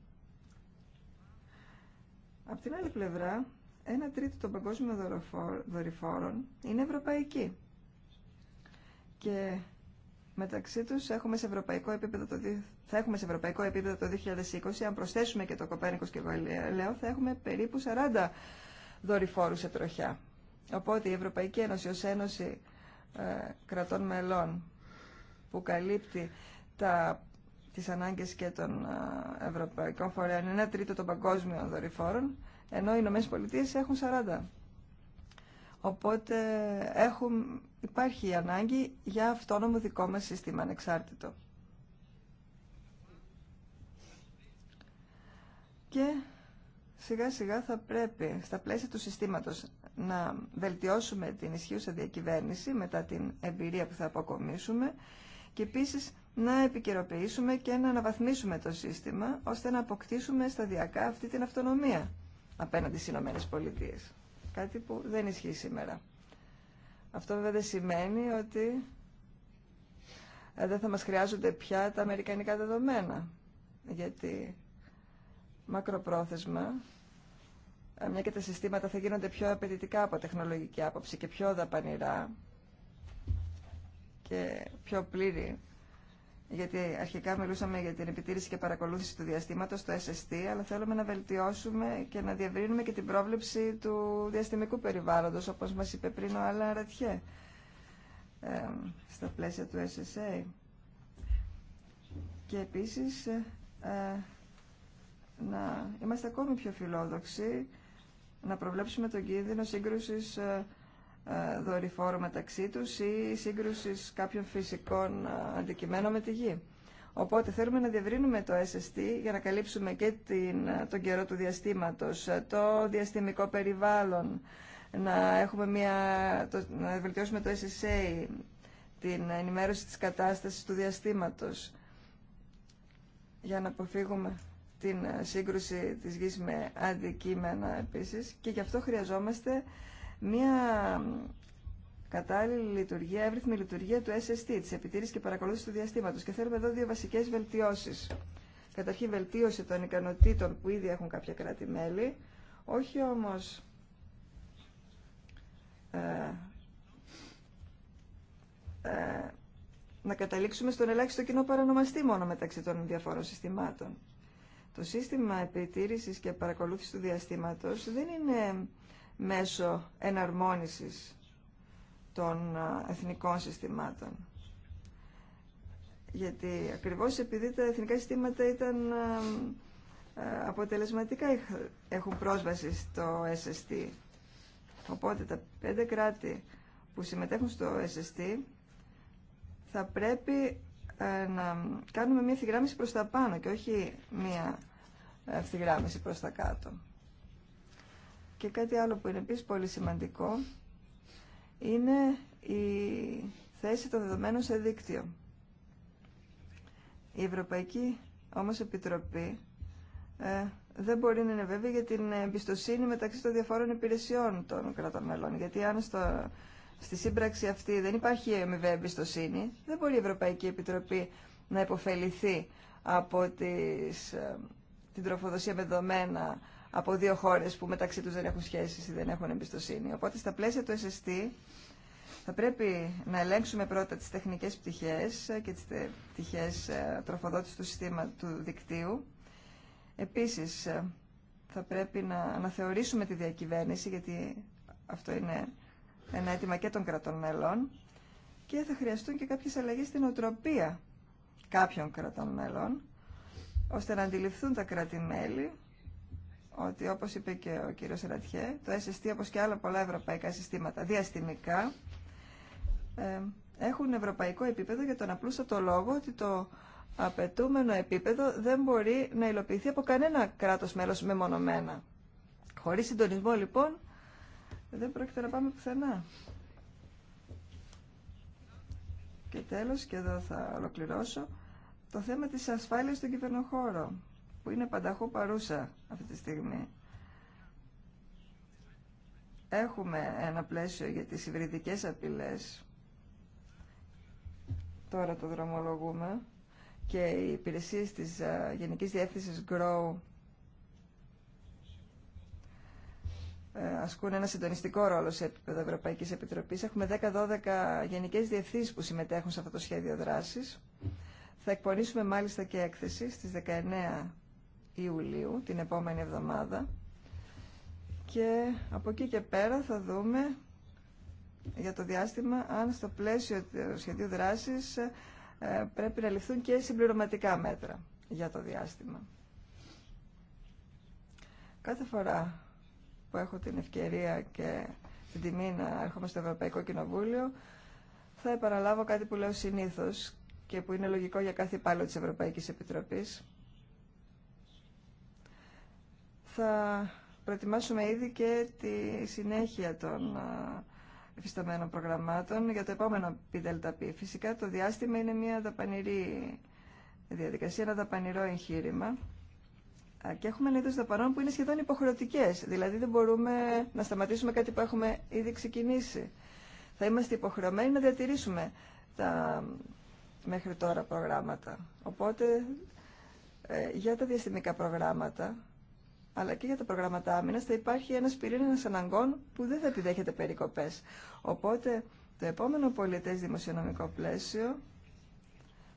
Απ' την άλλη πλευρά, ένα τρίτο των παγκόσμιων δορυφόρων είναι ευρωπαϊκοί. Και μεταξύ τους έχουμε σε ευρωπαϊκό επίπεδο το, θα έχουμε σε ευρωπαϊκό επίπεδο το 2020, αν προσθέσουμε και το Κοπέρνικος και θα έχουμε περίπου 40 δορυφόρους σε τροχιά. Οπότε η Ευρωπαϊκή Ένωση ως Ένωση ε, κρατών μελών που καλύπτει τα, τις ανάγκες και των ε, ευρωπαϊκών φορέων, ένα τρίτο των παγκόσμιων δορυφόρων, ενώ οι Ηνωμένες Πολιτείες έχουν 40. Οπότε έχουν, υπάρχει η ανάγκη για αυτόνομο δικό μας σύστημα, ανεξάρτητο. Και σιγά σιγά θα πρέπει στα πλαίσια του συστήματος να βελτιώσουμε την ισχύουσα διακυβέρνηση μετά την εμπειρία που θα αποκομίσουμε και επίσης να επικαιροποιήσουμε και να αναβαθμίσουμε το σύστημα ώστε να αποκτήσουμε σταδιακά αυτή την αυτονομία απέναντι στις Ηνωμένες Πολιτείες. Κάτι που δεν ισχύει σήμερα. Αυτό βέβαια δεν σημαίνει ότι ε, δεν θα μας χρειάζονται πια τα αμερικανικά δεδομένα. Γιατί μακροπρόθεσμα ε, μια και τα συστήματα θα γίνονται πιο απαιτητικά από τεχνολογική άποψη και πιο δαπανηρά και πιο πλήρη γιατί αρχικά μιλούσαμε για την επιτήρηση και παρακολούθηση του διαστήματος, το SST, αλλά θέλουμε να βελτιώσουμε και να διευρύνουμε και την πρόβλεψη του διαστημικού περιβάλλοντος, όπως μας είπε πριν ο Άλλα Ρατιέ, ε, στα πλαίσια του SSA. Και επίσης, ε, να είμαστε ακόμη πιο φιλόδοξοι να προβλέψουμε τον κίνδυνο σύγκρουσης ε, ε, δορυφόρου μεταξύ τους ή σύγκρουσης κάποιων φυσικών ε, αντικειμένων με τη γη. Οπότε θέλουμε να διευρύνουμε το SST για να καλύψουμε και την, τον καιρό του διαστήματος, το διαστημικό περιβάλλον, να, έχουμε μια, να βελτιώσουμε το SSA, την ενημέρωση της κατάστασης του διαστήματος, για να αποφύγουμε την ε, σύγκρουση της γης με αντικείμενα επίσης και γι' αυτό χρειαζόμαστε μια κατάλληλη λειτουργία, εύρυθμη λειτουργία του SST, της επιτήρησης και παρακολούθησης του διαστήματος και θέλουμε εδώ δύο βασικές βελτιώσεις. Καταρχήν βελτίωση των ικανοτήτων που ήδη έχουν κάποια κράτη-μέλη, όχι όμως ε, ε, να καταλήξουμε στον ελάχιστο κοινό παρανομαστή μόνο μεταξύ των διαφόρων συστημάτων. Το σύστημα επιτήρησης και παρακολούθησης του διαστήματος δεν είναι μέσο εναρμόνισης των εθνικών συστημάτων. Γιατί ακριβώς επειδή τα εθνικά συστήματα ήταν αποτελεσματικά έχουν πρόσβαση στο SST. Οπότε τα πέντε κράτη που συμμετέχουν στο SST θα πρέπει ε, να κάνουμε μια ευθυγράμμιση προς τα πάνω και όχι μια ευθυγράμμιση προς τα κάτω. Και κάτι άλλο που είναι επίσης πολύ σημαντικό είναι η θέση των δεδομένων σε δίκτυο. Η Ευρωπαϊκή όμως Επιτροπή ε, δεν μπορεί να είναι βέβαιη για την εμπιστοσύνη μεταξύ των διαφόρων υπηρεσιών των κρατών μελών. Γιατί αν στο στη σύμπραξη αυτή δεν υπάρχει αμοιβαία εμπιστοσύνη, δεν μπορεί η Ευρωπαϊκή Επιτροπή να υποφεληθεί από τις, ε, την τροφοδοσία με δεδομένα από δύο χώρες που μεταξύ τους δεν έχουν σχέσει ή δεν έχουν εμπιστοσύνη. Οπότε στα πλαίσια του SST θα πρέπει να ελέγξουμε πρώτα τις τεχνικές πτυχέ και τις πτυχέ ε, τροφοδότηση του συστήματος του δικτύου. Επίση ε, θα πρέπει να αναθεωρήσουμε τη διακυβέρνηση, γιατί αυτό είναι ένα αίτημα και των κρατών μελών και θα χρειαστούν και κάποιες αλλαγές στην οτροπία κάποιων κρατών μελών ώστε να αντιληφθούν τα κράτη-μέλη ότι όπως είπε και ο κύριος Ρατιέ, το SST όπως και άλλα πολλά ευρωπαϊκά συστήματα διαστημικά ε, έχουν ευρωπαϊκό επίπεδο για τον απλούστατο λόγο ότι το απαιτούμενο επίπεδο δεν μπορεί να υλοποιηθεί από κανένα κράτος μέλος μεμονωμένα. Χωρίς συντονισμό λοιπόν δεν πρόκειται να πάμε πουθενά. Και τέλος, και εδώ θα ολοκληρώσω, το θέμα της ασφάλειας στον κυβερνοχώρο, που είναι πανταχού παρούσα αυτή τη στιγμή. Έχουμε ένα πλαίσιο για τις υβριδικές απειλές, τώρα το δρομολογούμε, και οι υπηρεσίες της ε, Γενικής Διεύθυνσης GROW ασκούν ένα συντονιστικό ρόλο σε επίπεδο Ευρωπαϊκής Επιτροπής. Έχουμε 10-12 γενικές διευθύνσεις που συμμετέχουν σε αυτό το σχέδιο δράσης. Θα εκπονήσουμε μάλιστα και έκθεση στις 19 Ιουλίου, την επόμενη εβδομάδα. Και από εκεί και πέρα θα δούμε για το διάστημα αν στο πλαίσιο του σχεδίου δράσης ε, πρέπει να ληφθούν και συμπληρωματικά μέτρα για το διάστημα. Κάθε φορά που έχω την ευκαιρία και την τιμή να έρχομαι στο Ευρωπαϊκό Κοινοβούλιο, θα επαναλάβω κάτι που λέω συνήθω και που είναι λογικό για κάθε υπάλληλο τη Ευρωπαϊκή Επιτροπή. Θα προετοιμάσουμε ήδη και τη συνέχεια των εφισταμένων προγραμμάτων για το επόμενο ΠΔΠ. Φυσικά το διάστημα είναι μια δαπανηρή διαδικασία, ένα δαπανηρό εγχείρημα και έχουμε ένα είδο δαπανών που είναι σχεδόν υποχρεωτικέ. Δηλαδή δεν μπορούμε να σταματήσουμε κάτι που έχουμε ήδη ξεκινήσει. Θα είμαστε υποχρεωμένοι να διατηρήσουμε τα μέχρι τώρα προγράμματα. Οπότε ε, για τα διαστημικά προγράμματα αλλά και για τα προγράμματα άμυνα θα υπάρχει ένα πυρήνα αναγκών που δεν θα επιδέχεται περικοπέ. Οπότε το επόμενο πολιτέ δημοσιονομικό πλαίσιο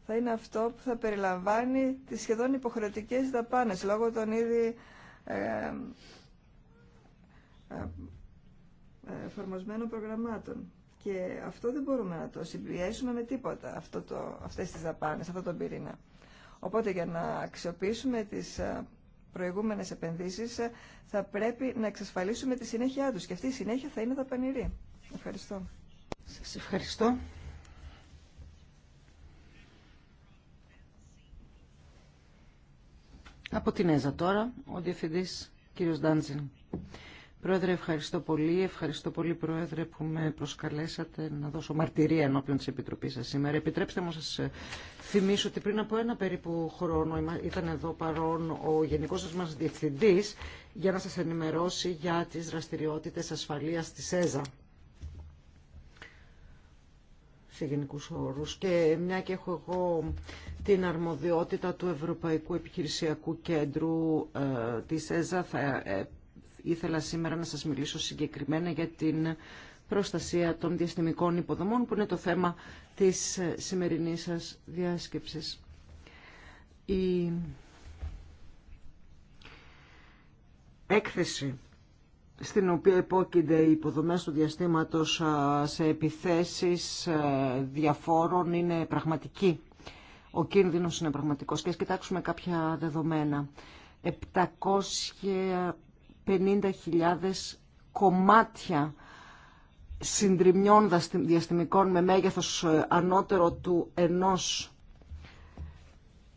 θα είναι αυτό που θα περιλαμβάνει τις σχεδόν υποχρεωτικές δαπάνες λόγω των ήδη ε, ε, ε, εφαρμοσμένων προγραμμάτων. Και αυτό δεν μπορούμε να το συμπιέσουμε με τίποτα, αυτό το, αυτές τις δαπάνες, αυτό τον πυρήνα. Οπότε για να αξιοποιήσουμε τις προηγούμενες επενδύσεις θα πρέπει να εξασφαλίσουμε τη συνέχειά τους και αυτή η συνέχεια θα είναι δαπανηρή. Ευχαριστώ. Σας ευχαριστώ. Από την ΕΖΑ τώρα, ο Διευθυντής κύριος Ντάντζιν. Πρόεδρε, ευχαριστώ πολύ. Ευχαριστώ πολύ, Πρόεδρε, που με προσκαλέσατε να δώσω μαρτυρία ενώπιον της Επιτροπής σας σήμερα. Επιτρέψτε μου να σας ε, θυμίσω ότι πριν από ένα περίπου χρόνο ήταν εδώ παρόν ο Γενικός μας Διευθυντής για να σας ενημερώσει για τις δραστηριότητες ασφαλείας της ΕΖΑ σε γενικού όρου. και μια και έχω εγώ την αρμοδιότητα του Ευρωπαϊκού Επιχειρησιακού Κέντρου ε, της ΕΖΑ θα ε, ήθελα σήμερα να σας μιλήσω συγκεκριμένα για την προστασία των διαστημικών υποδομών που είναι το θέμα της ε, σημερινής σας διάσκεψης. Η έκθεση στην οποία υπόκεινται οι υποδομές του διαστήματος σε επιθέσεις διαφόρων είναι πραγματική. Ο κίνδυνος είναι πραγματικός. Και ας κοιτάξουμε κάποια δεδομένα. 750.000 κομμάτια συντριμιών διαστημικών με μέγεθος ε, ανώτερο του ενός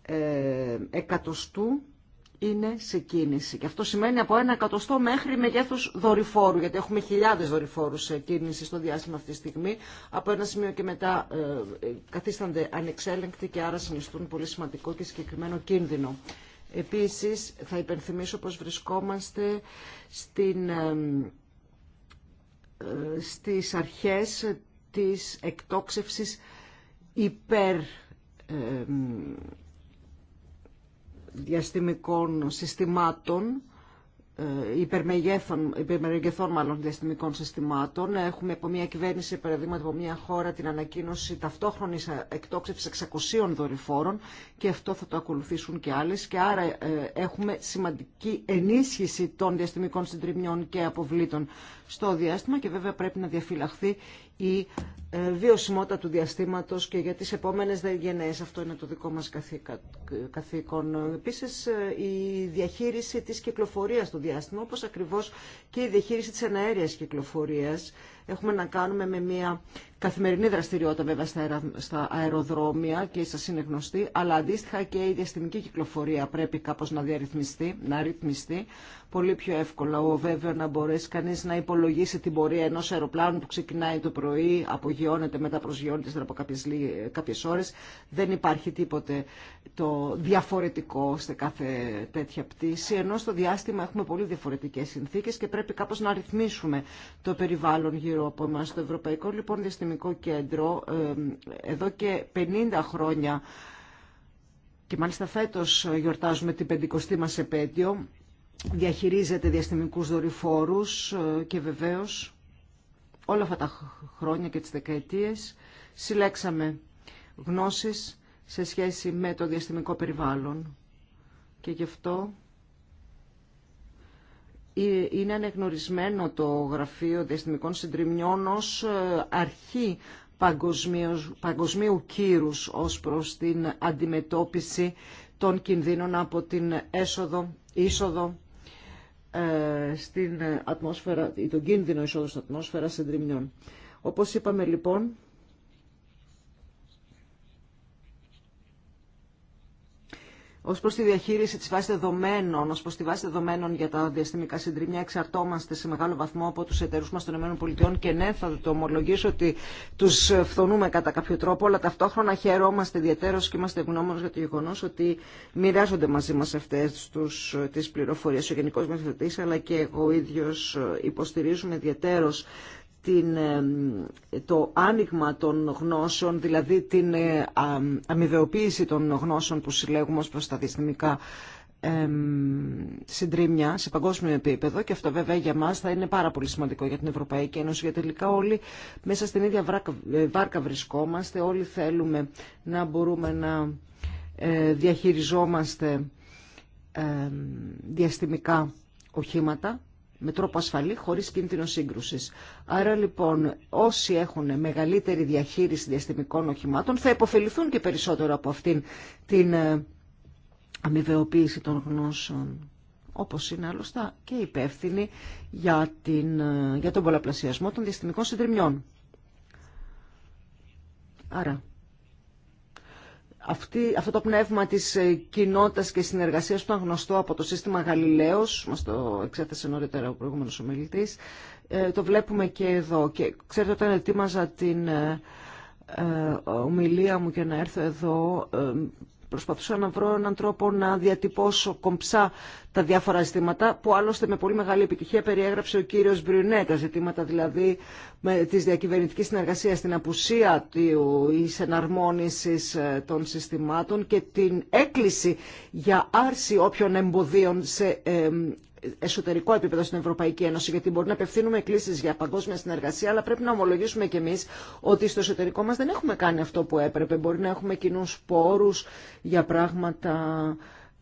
ε, εκατοστού είναι σε κίνηση. Και αυτό σημαίνει από ένα εκατοστό μέχρι μεγέθου δορυφόρου, γιατί έχουμε χιλιάδες δορυφόρους σε κίνηση στο διάστημα αυτή τη στιγμή. Από ένα σημείο και μετά ε, ε καθίστανται ανεξέλεγκτοι και άρα συνιστούν πολύ σημαντικό και συγκεκριμένο κίνδυνο. Επίσης, θα υπενθυμίσω πως βρισκόμαστε στην, ε, ε, στις αρχές της εκτόξευσης υπερ διαστημικών συστημάτων, ε, υπερμεγεθών, υπερμεγεθών μάλλον διαστημικών συστημάτων. Έχουμε από μια κυβέρνηση, παραδείγματι από μια χώρα, την ανακοίνωση ταυτόχρονης εκτόξευσης 600 δορυφόρων και αυτό θα το ακολουθήσουν και άλλες και άρα ε, έχουμε σημαντική ενίσχυση των διαστημικών συντριμιών και αποβλήτων στο διάστημα και βέβαια πρέπει να διαφυλαχθεί η ε, βιωσιμότητα του διαστήματος και για τις επόμενες γενναίες. Αυτό είναι το δικό μας καθήκον. Επίσης, ε, η διαχείριση της κυκλοφορίας του διάστημα, όπως ακριβώς και η διαχείριση της εναέρειας κυκλοφορίας. Έχουμε να κάνουμε με μια καθημερινή δραστηριότητα βέβαια στα αεροδρόμια και σα είναι γνωστή, αλλά αντίστοιχα και η διαστημική κυκλοφορία πρέπει κάπω να διαρρυθμιστεί, να ρυθμιστεί. Πολύ πιο ο βέβαια να μπορέσει κανεί να υπολογίσει την πορεία ενό αεροπλάνου που ξεκινάει το πρωί, απογειώνεται, μετά προσγειώνεται από κάποιε ώρε. Δεν υπάρχει τίποτε το διαφορετικό σε κάθε τέτοια πτήση, ενώ στο διάστημα έχουμε πολύ διαφορετικέ συνθήκε και πρέπει κάπω να ρυθμίσουμε το περιβάλλον γύρω από εμά, Το ευρωπαϊκό λοιπόν πολεμικό Κέντρο εδώ και 50 χρόνια και μάλιστα φέτος γιορτάζουμε την 50η μας επέτειο, διαχειρίζεται διαστημικούς δορυφόρους ε, και βεβαίως όλα αυτά τα χρόνια και τις δεκαετίες συλλέξαμε γνώσεις σε σχέση με το διαστημικό περιβάλλον και γι' αυτό ε, είναι ανεγνωρισμένο το γραφείο διαστημικών συντριμιών ως ε, αρχή παγκοσμίου, παγκοσμίου κύρους ως προς την αντιμετώπιση των κινδύνων από την έσοδο, είσοδο ε, στην ατμόσφαιρα ή τον κίνδυνο εισόδου στην ατμόσφαιρα συντριμιών. Όπως είπαμε λοιπόν, Ω προ τη διαχείριση τη βάση δεδομένων, ω προ τη βάση δεδομένων για τα διαστημικά συντρίμια, εξαρτώμαστε σε μεγάλο βαθμό από του εταιρούς μα των ΗΠΑ και ναι, θα το ομολογήσω ότι του φθονούμε κατά κάποιο τρόπο, αλλά ταυτόχρονα χαιρόμαστε ιδιαίτερω και είμαστε ευγνώμονε για το γεγονό ότι μοιράζονται μαζί μα αυτέ τι πληροφορίε πληροφορίες ο Γενικό Μεθοδητής, αλλά και εγώ ίδιο υποστηρίζουμε ιδιαίτερω την, ε, το άνοιγμα των γνώσεων, δηλαδή την ε, αμοιβεοποίηση των γνώσεων που συλλέγουμε ως προς τα διαστημικά συντρίμια σε παγκόσμιο επίπεδο και αυτό βέβαια για μας θα είναι πάρα πολύ σημαντικό για την Ευρωπαϊκή Ένωση γιατί τελικά όλοι μέσα στην ίδια ε, βάρκα βρισκόμαστε, όλοι θέλουμε να μπορούμε να διαχειριζόμαστε διαστημικά οχήματα με τρόπο ασφαλή χωρίς κίνδυνο σύγκρουσης. Άρα λοιπόν όσοι έχουν μεγαλύτερη διαχείριση διαστημικών οχημάτων θα υποφεληθούν και περισσότερο από αυτήν την ε, αμοιβεοποίηση των γνώσεων όπως είναι άλλωστε και υπεύθυνοι για, ε, για τον πολλαπλασιασμό των διαστημικών συντριμιών. Άρα, αυτή, αυτό το πνεύμα της ε, κοινότητα και συνεργασίας που ήταν γνωστό από το σύστημα Γαλιλαίος, μας το εξέτασε νωρίτερα ο προηγούμενος ομιλητής, ε, το βλέπουμε και εδώ. Και ξέρετε όταν ετοίμαζα την ε, ομιλία μου για να έρθω εδώ, προσπαθούσα να βρω έναν τρόπο να διατυπώσω κομψά τα διάφορα ζητήματα που άλλωστε με πολύ μεγάλη επιτυχία περιέγραψε ο κύριο Μπριουνέ, τα ζητήματα δηλαδή τη διακυβερνητική συνεργασία, την απουσία τη εναρμόνιση ε, των συστημάτων και την έκκληση για άρση όποιων εμποδίων σε ε, εσωτερικό επίπεδο στην Ευρωπαϊκή Ένωση, γιατί μπορεί να απευθύνουμε εκκλήσει για παγκόσμια συνεργασία, αλλά πρέπει να ομολογήσουμε κι εμεί ότι στο εσωτερικό μα δεν έχουμε κάνει αυτό που έπρεπε. Μπορεί να έχουμε κοινού πόρου για πράγματα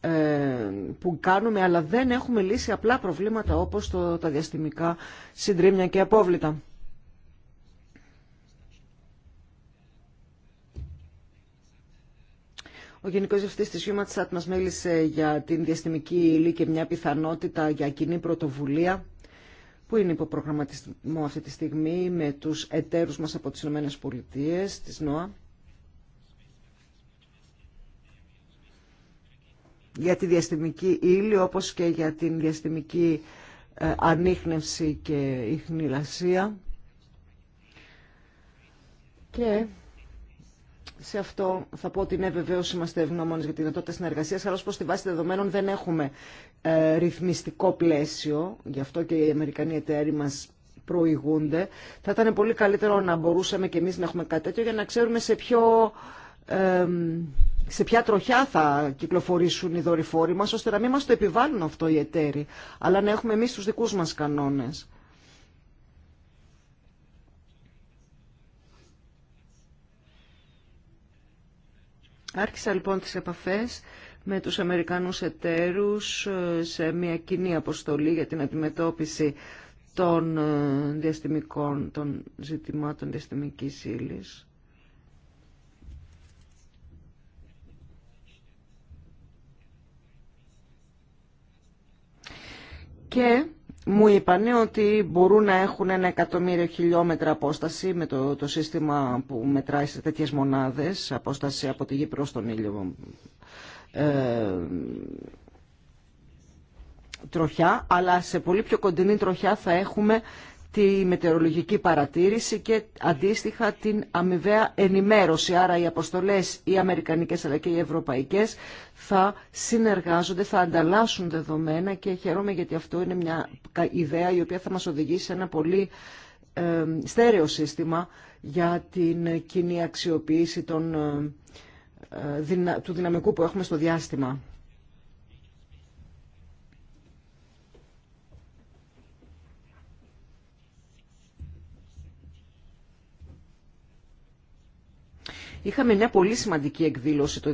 ε, που κάνουμε, αλλά δεν έχουμε λύσει απλά προβλήματα όπως το, τα διαστημικά συντρίμια και απόβλητα. Ο Γενικό Διευθυντή τη HumanSat μα μίλησε για την διαστημική ύλη και μια πιθανότητα για κοινή πρωτοβουλία που είναι υποπρογραμματισμό αυτή τη στιγμή με τους εταίρου μας από τις ΗΠΑ, τη ΝΟΑ. για τη διαστημική ύλη όπως και για την διαστημική ε, ανείχνευση και ιχνηλασία. Και σε αυτό θα πω ότι ναι, βεβαίω είμαστε ευγνώμονε για τη δυνατότητα συνεργασία, αλλά ω προ τη βάση δεδομένων δεν έχουμε ε, ρυθμιστικό πλαίσιο. Γι' αυτό και οι Αμερικανοί εταίροι μα προηγούνται. Θα ήταν πολύ καλύτερο να μπορούσαμε κι εμεί να έχουμε κάτι τέτοιο για να ξέρουμε σε ποιο. Ε, σε ποια τροχιά θα κυκλοφορήσουν οι δορυφόροι μας, ώστε να μην μας το επιβάλλουν αυτό οι εταίροι, αλλά να έχουμε εμείς τους δικούς μας κανόνες. Άρχισα λοιπόν τις επαφές με τους Αμερικανούς εταίρους ε, σε μια κοινή αποστολή για την αντιμετώπιση των ε, διαστημικών των ζητημάτων διαστημικής ύλης. και μου είπαν ότι μπορούν να έχουν ένα εκατομμύριο χιλιόμετρα απόσταση με το, το σύστημα που μετράει σε τέτοιες μονάδες, απόσταση από τη γη προς τον ήλιο ε, τροχιά, αλλά σε πολύ πιο κοντινή τροχιά θα έχουμε τη μετεωρολογική παρατήρηση και αντίστοιχα την αμοιβαία ενημέρωση. Άρα οι αποστολές, οι αμερικανικές αλλά και οι ευρωπαϊκές, θα συνεργάζονται, θα ανταλλάσσουν δεδομένα και χαίρομαι γιατί αυτό είναι μια ιδέα η οποία θα μας οδηγήσει σε ένα πολύ στέρεο σύστημα για την κοινή αξιοποίηση των, ε, του δυναμικού που έχουμε στο διάστημα. Είχαμε μια πολύ σημαντική εκδήλωση το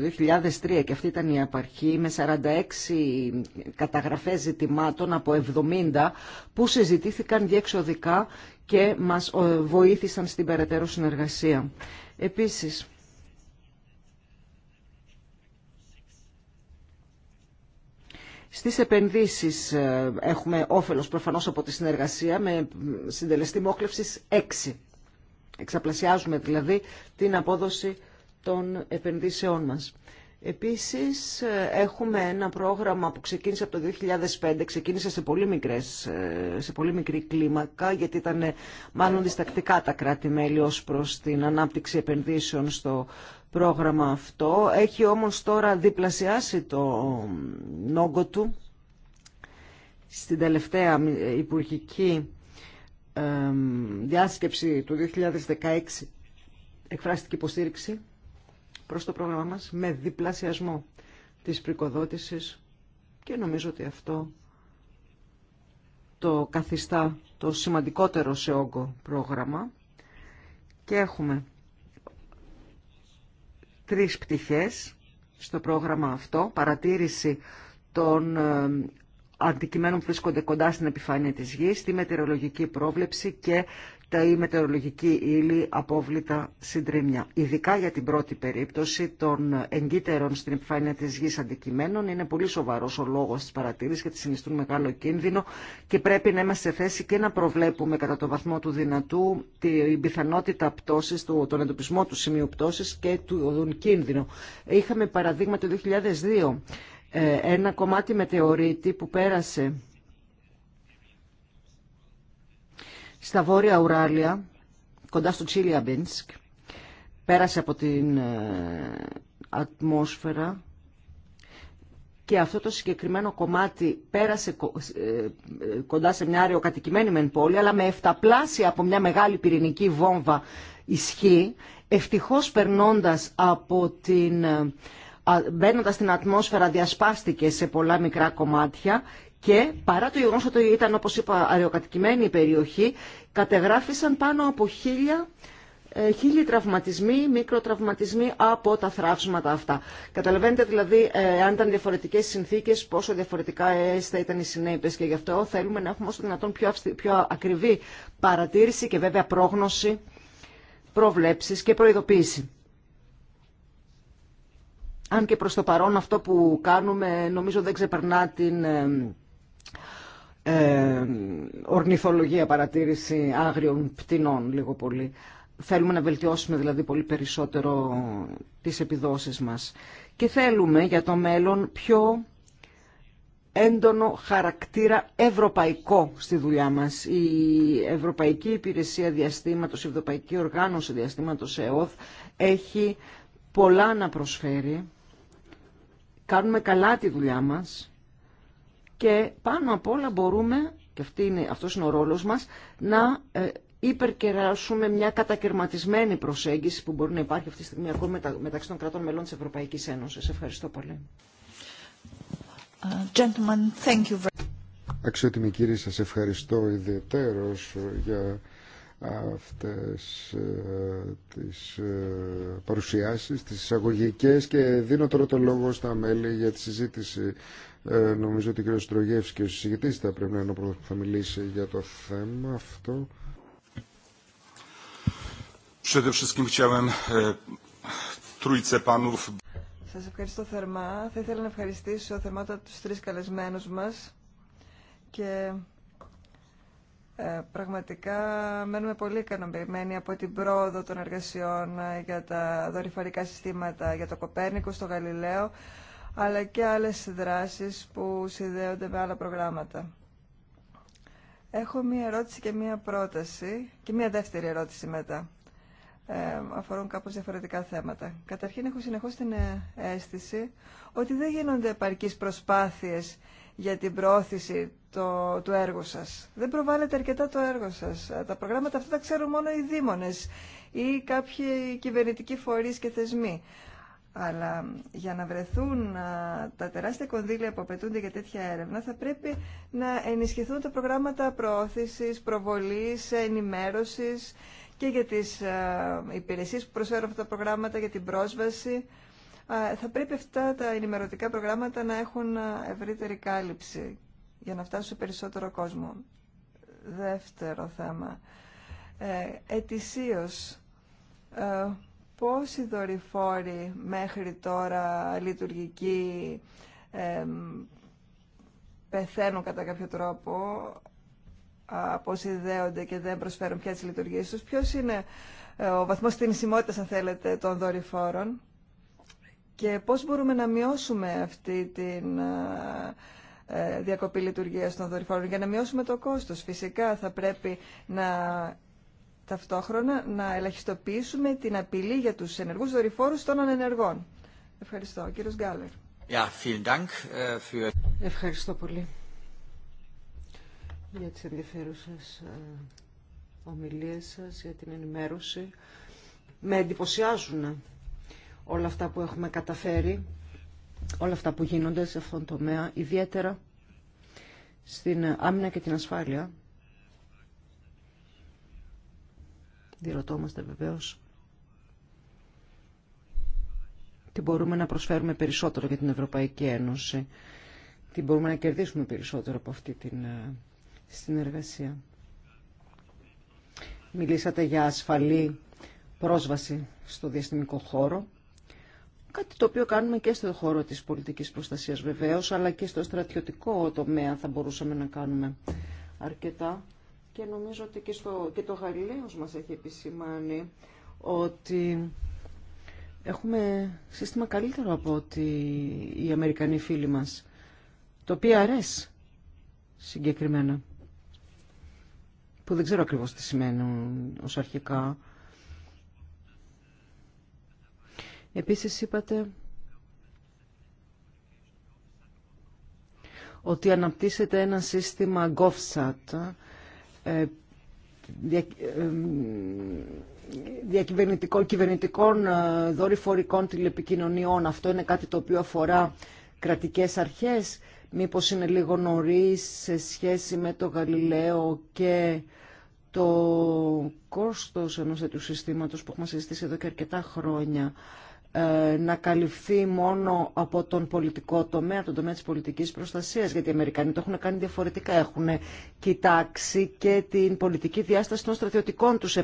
2003 και αυτή ήταν η απαρχή με 46 καταγραφές ζητημάτων από 70 που συζητήθηκαν διεξοδικά και μας ε, βοήθησαν στην περαιτέρω συνεργασία. Επίσης, Στις επενδύσεις ε, έχουμε όφελος προφανώς από τη συνεργασία με συντελεστή μόχλευσης 6 εξαπλασιάζουμε δηλαδή την απόδοση των επενδύσεών μας. Επίσης έχουμε ένα πρόγραμμα που ξεκίνησε από το 2005, ξεκίνησε σε πολύ, μικρές, σε πολύ μικρή κλίμακα γιατί ήταν μάλλον διστακτικά τα κράτη-μέλη ως προς την ανάπτυξη επενδύσεων στο πρόγραμμα αυτό. Έχει όμως τώρα διπλασιάσει το νόγκο του στην τελευταία υπουργική διάσκεψη του 2016 εκφράστηκε υποστήριξη προς το πρόγραμμα μας με διπλασιασμό της πρικοδότησης και νομίζω ότι αυτό το καθιστά το σημαντικότερο σε όγκο πρόγραμμα και έχουμε τρεις πτυχές στο πρόγραμμα αυτό, παρατήρηση των αντικειμένων που βρίσκονται κοντά στην επιφάνεια της γης, τη μετεωρολογική πρόβλεψη και τα ή μετεωρολογική ύλη απόβλητα συντρίμια. Ειδικά για την πρώτη περίπτωση των εγκύτερων στην επιφάνεια της γης αντικειμένων είναι πολύ σοβαρός ο λόγος της παρατήρησης και συνιστούν μεγάλο κίνδυνο και πρέπει να είμαστε σε θέση και να προβλέπουμε κατά το βαθμό του δυνατού την πιθανότητα πτώσης, τον εντοπισμό του σημείου πτώσης και του οδούν κίνδυνο. Είχαμε παραδείγμα το 2002 ε, ένα κομμάτι μετεωρίτη που πέρασε στα βόρεια Ουράλια, κοντά στο Τσίλιαμπίνσκ, πέρασε από την ε, ατμόσφαιρα και αυτό το συγκεκριμένο κομμάτι πέρασε ε, κοντά σε μια αεροκατοικημένη μεν πόλη, αλλά με εφταπλάσια από μια μεγάλη πυρηνική βόμβα ισχύ, ευτυχώς περνώντας από την μπαίνοντα στην ατμόσφαιρα διασπάστηκε σε πολλά μικρά κομμάτια και παρά το γεγονό ότι ήταν όπω είπα αεροκατοικημένη η περιοχή κατεγράφησαν πάνω από χίλια ε, χίλιοι τραυματισμοί, μικροτραυματισμοί από τα θράψματα αυτά. Καταλαβαίνετε δηλαδή ε, αν ήταν διαφορετικέ συνθήκε, πόσο διαφορετικά θα ήταν οι συνέπειε και γι' αυτό θέλουμε να έχουμε όσο δυνατόν πιο, πιο ακριβή παρατήρηση και βέβαια πρόγνωση, προβλέψει και προειδοποίηση αν και προς το παρόν αυτό που κάνουμε νομίζω δεν ξεπερνά την ε, ε, ορνηθολογία παρατήρηση άγριων πτηνών λίγο πολύ. Θέλουμε να βελτιώσουμε δηλαδή πολύ περισσότερο τις επιδόσεις μας. Και θέλουμε για το μέλλον πιο έντονο χαρακτήρα ευρωπαϊκό στη δουλειά μας. Η Ευρωπαϊκή Υπηρεσία Διαστήματος, η Ευρωπαϊκή Οργάνωση Διαστήματος ΕΟΔ έχει πολλά να προσφέρει κάνουμε καλά τη δουλειά μας και πάνω απ' όλα μπορούμε, και αυτή είναι, αυτός είναι ο ρόλος μας, να ε, υπερκεράσουμε μια κατακαιρματισμένη προσέγγιση που μπορεί να υπάρχει αυτή τη στιγμή ακόμη μεταξύ των κρατών μελών της Ευρωπαϊκής Ένωσης. Ευχαριστώ πολύ. Uh, gentlemen, thank you very... Αξιότιμοι κύριοι, σας ευχαριστώ ιδιαίτερος ε, για αυτές ε, τις ε, παρουσιάσεις, τις εισαγωγικέ και δίνω τώρα το λόγο στα μέλη για τη συζήτηση. Ε, νομίζω ότι ο κ. Στρογεύς και ο συζητητής θα πρέπει να είναι ο που θα μιλήσει για το θέμα αυτό. E, Σας ευχαριστώ θερμά. Θα ήθελα να ευχαριστήσω θερμάτα τους τρεις καλεσμένους μας και ε, πραγματικά μένουμε πολύ ικανοποιημένοι από την πρόοδο των εργασιών ε, για τα δορυφορικά συστήματα, για το Κοπέρνικο, στο Γαλιλαίο, αλλά και άλλες δράσεις που συνδέονται με άλλα προγράμματα. Έχω μία ερώτηση και μία πρόταση και μία δεύτερη ερώτηση μετά. Ε, αφορούν κάπως διαφορετικά θέματα. Καταρχήν έχω συνεχώς την ε, αίσθηση ότι δεν γίνονται επαρκείς προσπάθειες για την πρόθεση το, του έργου σας. Δεν προβάλλεται αρκετά το έργο σας. Ε, τα προγράμματα αυτά τα ξέρουν μόνο οι δήμονες ή κάποιοι κυβερνητικοί φορείς και θεσμοί. Αλλά για να βρεθούν ε, τα τεράστια κονδύλια που απαιτούνται για τέτοια έρευνα θα πρέπει να ενισχυθούν τα προγράμματα προώθησης, προβολής, ενημέρωσης και για τις ε, υπηρεσίες που προσφέρουν αυτά τα προγράμματα, για την πρόσβαση. Θα πρέπει αυτά τα ενημερωτικά προγράμματα να έχουν ευρύτερη κάλυψη για να φτάσουν σε περισσότερο κόσμο. Δεύτερο θέμα. Ε, ετησίως, ε, πόσοι δορυφόροι μέχρι τώρα λειτουργικοί πεθαίνουν κατά κάποιο τρόπο, αποσυνδέονται και δεν προσφέρουν πια τις λειτουργίες τους. Ποιος είναι ε, ο βαθμός θνησιμότητας, αν θέλετε, των δορυφόρων και πώς μπορούμε να μειώσουμε αυτή την ε, ε, διακοπή λειτουργία των δορυφόρων για να μειώσουμε το κόστος. Φυσικά θα πρέπει να ταυτόχρονα να ελαχιστοποιήσουμε την απειλή για τους ενεργούς δορυφόρους των ανενεργών. Ευχαριστώ. Κύριος Γκάλερ. Äh, Ευχαριστώ πολύ για τις ενδιαφέρουσες ε, ομιλίες σας, για την ενημέρωση. Με εντυπωσιάζουν όλα αυτά που έχουμε καταφέρει όλα αυτά που γίνονται σε αυτόν τον τομέα, ιδιαίτερα στην άμυνα και την ασφάλεια. Διερωτώμαστε βεβαίως τι μπορούμε να προσφέρουμε περισσότερο για την Ευρωπαϊκή Ένωση, τι μπορούμε να κερδίσουμε περισσότερο από αυτή την ε, συνεργασία. Μιλήσατε για ασφαλή πρόσβαση στο διαστημικό χώρο. Κάτι το οποίο κάνουμε και στον χώρο της πολιτικής προστασίας βεβαίως, αλλά και στο στρατιωτικό τομέα θα μπορούσαμε να κάνουμε αρκετά. Και νομίζω ότι και, στο, και το Γαλιλαίος μας έχει επισημάνει ότι έχουμε σύστημα καλύτερο από ότι οι Αμερικανοί φίλοι μας. Το PRS συγκεκριμένα, που δεν ξέρω ακριβώς τι σημαίνουν ως αρχικά, Επίσης είπατε ότι αναπτύσσεται ένα σύστημα GovSat ε, ε, διακυβερνητικών, κυβερνητικών ε, δορυφορικών τηλεπικοινωνιών. Αυτό είναι κάτι το οποίο αφορά κρατικές αρχές. Μήπως είναι λίγο νωρίς σε σχέση με το Γαλιλαίο και το κόστος ενός τέτοιου συστήματος που έχουμε συζητήσει εδώ και αρκετά χρόνια. Ε, να καλυφθεί μόνο από τον πολιτικό τομέα, τον τομέα της πολιτικής προστασίας, γιατί οι Αμερικανοί το έχουν κάνει διαφορετικά. Έχουν κοιτάξει και την πολιτική διάσταση των στρατιωτικών τους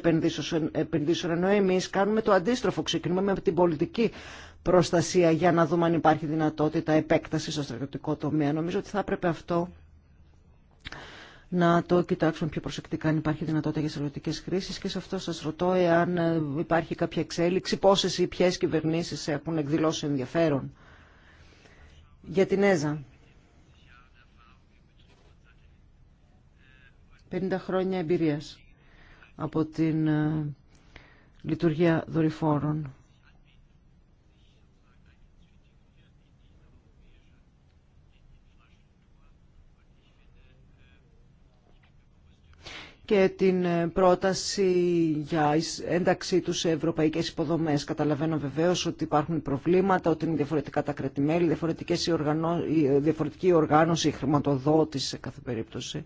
επενδύσεων, ενώ εμείς κάνουμε το αντίστροφο. Ξεκινούμε με την πολιτική προστασία για να δούμε αν υπάρχει δυνατότητα επέκταση στο στρατιωτικό τομέα. Νομίζω ότι θα έπρεπε αυτό να το κοιτάξουν πιο προσεκτικά αν υπάρχει δυνατότητα για στρατιωτικές χρήσεις και σε αυτό σας ρωτώ εάν ε, υπάρχει κάποια εξέλιξη, πόσες ή ποιες κυβερνήσεις έχουν εκδηλώσει ενδιαφέρον. Για την ΕΖΑ. 50 χρόνια εμπειρίας από την ε, λειτουργία δορυφόρων. και την ε, πρόταση για ένταξή τους σε ευρωπαϊκές υποδομές. Καταλαβαίνω βεβαίως ότι υπάρχουν προβλήματα, ότι είναι διαφορετικά τα κρατημέλη, διαφορετικές η οργανώ... Ε, διαφορετική οργάνωση, η χρηματοδότηση σε κάθε περίπτωση.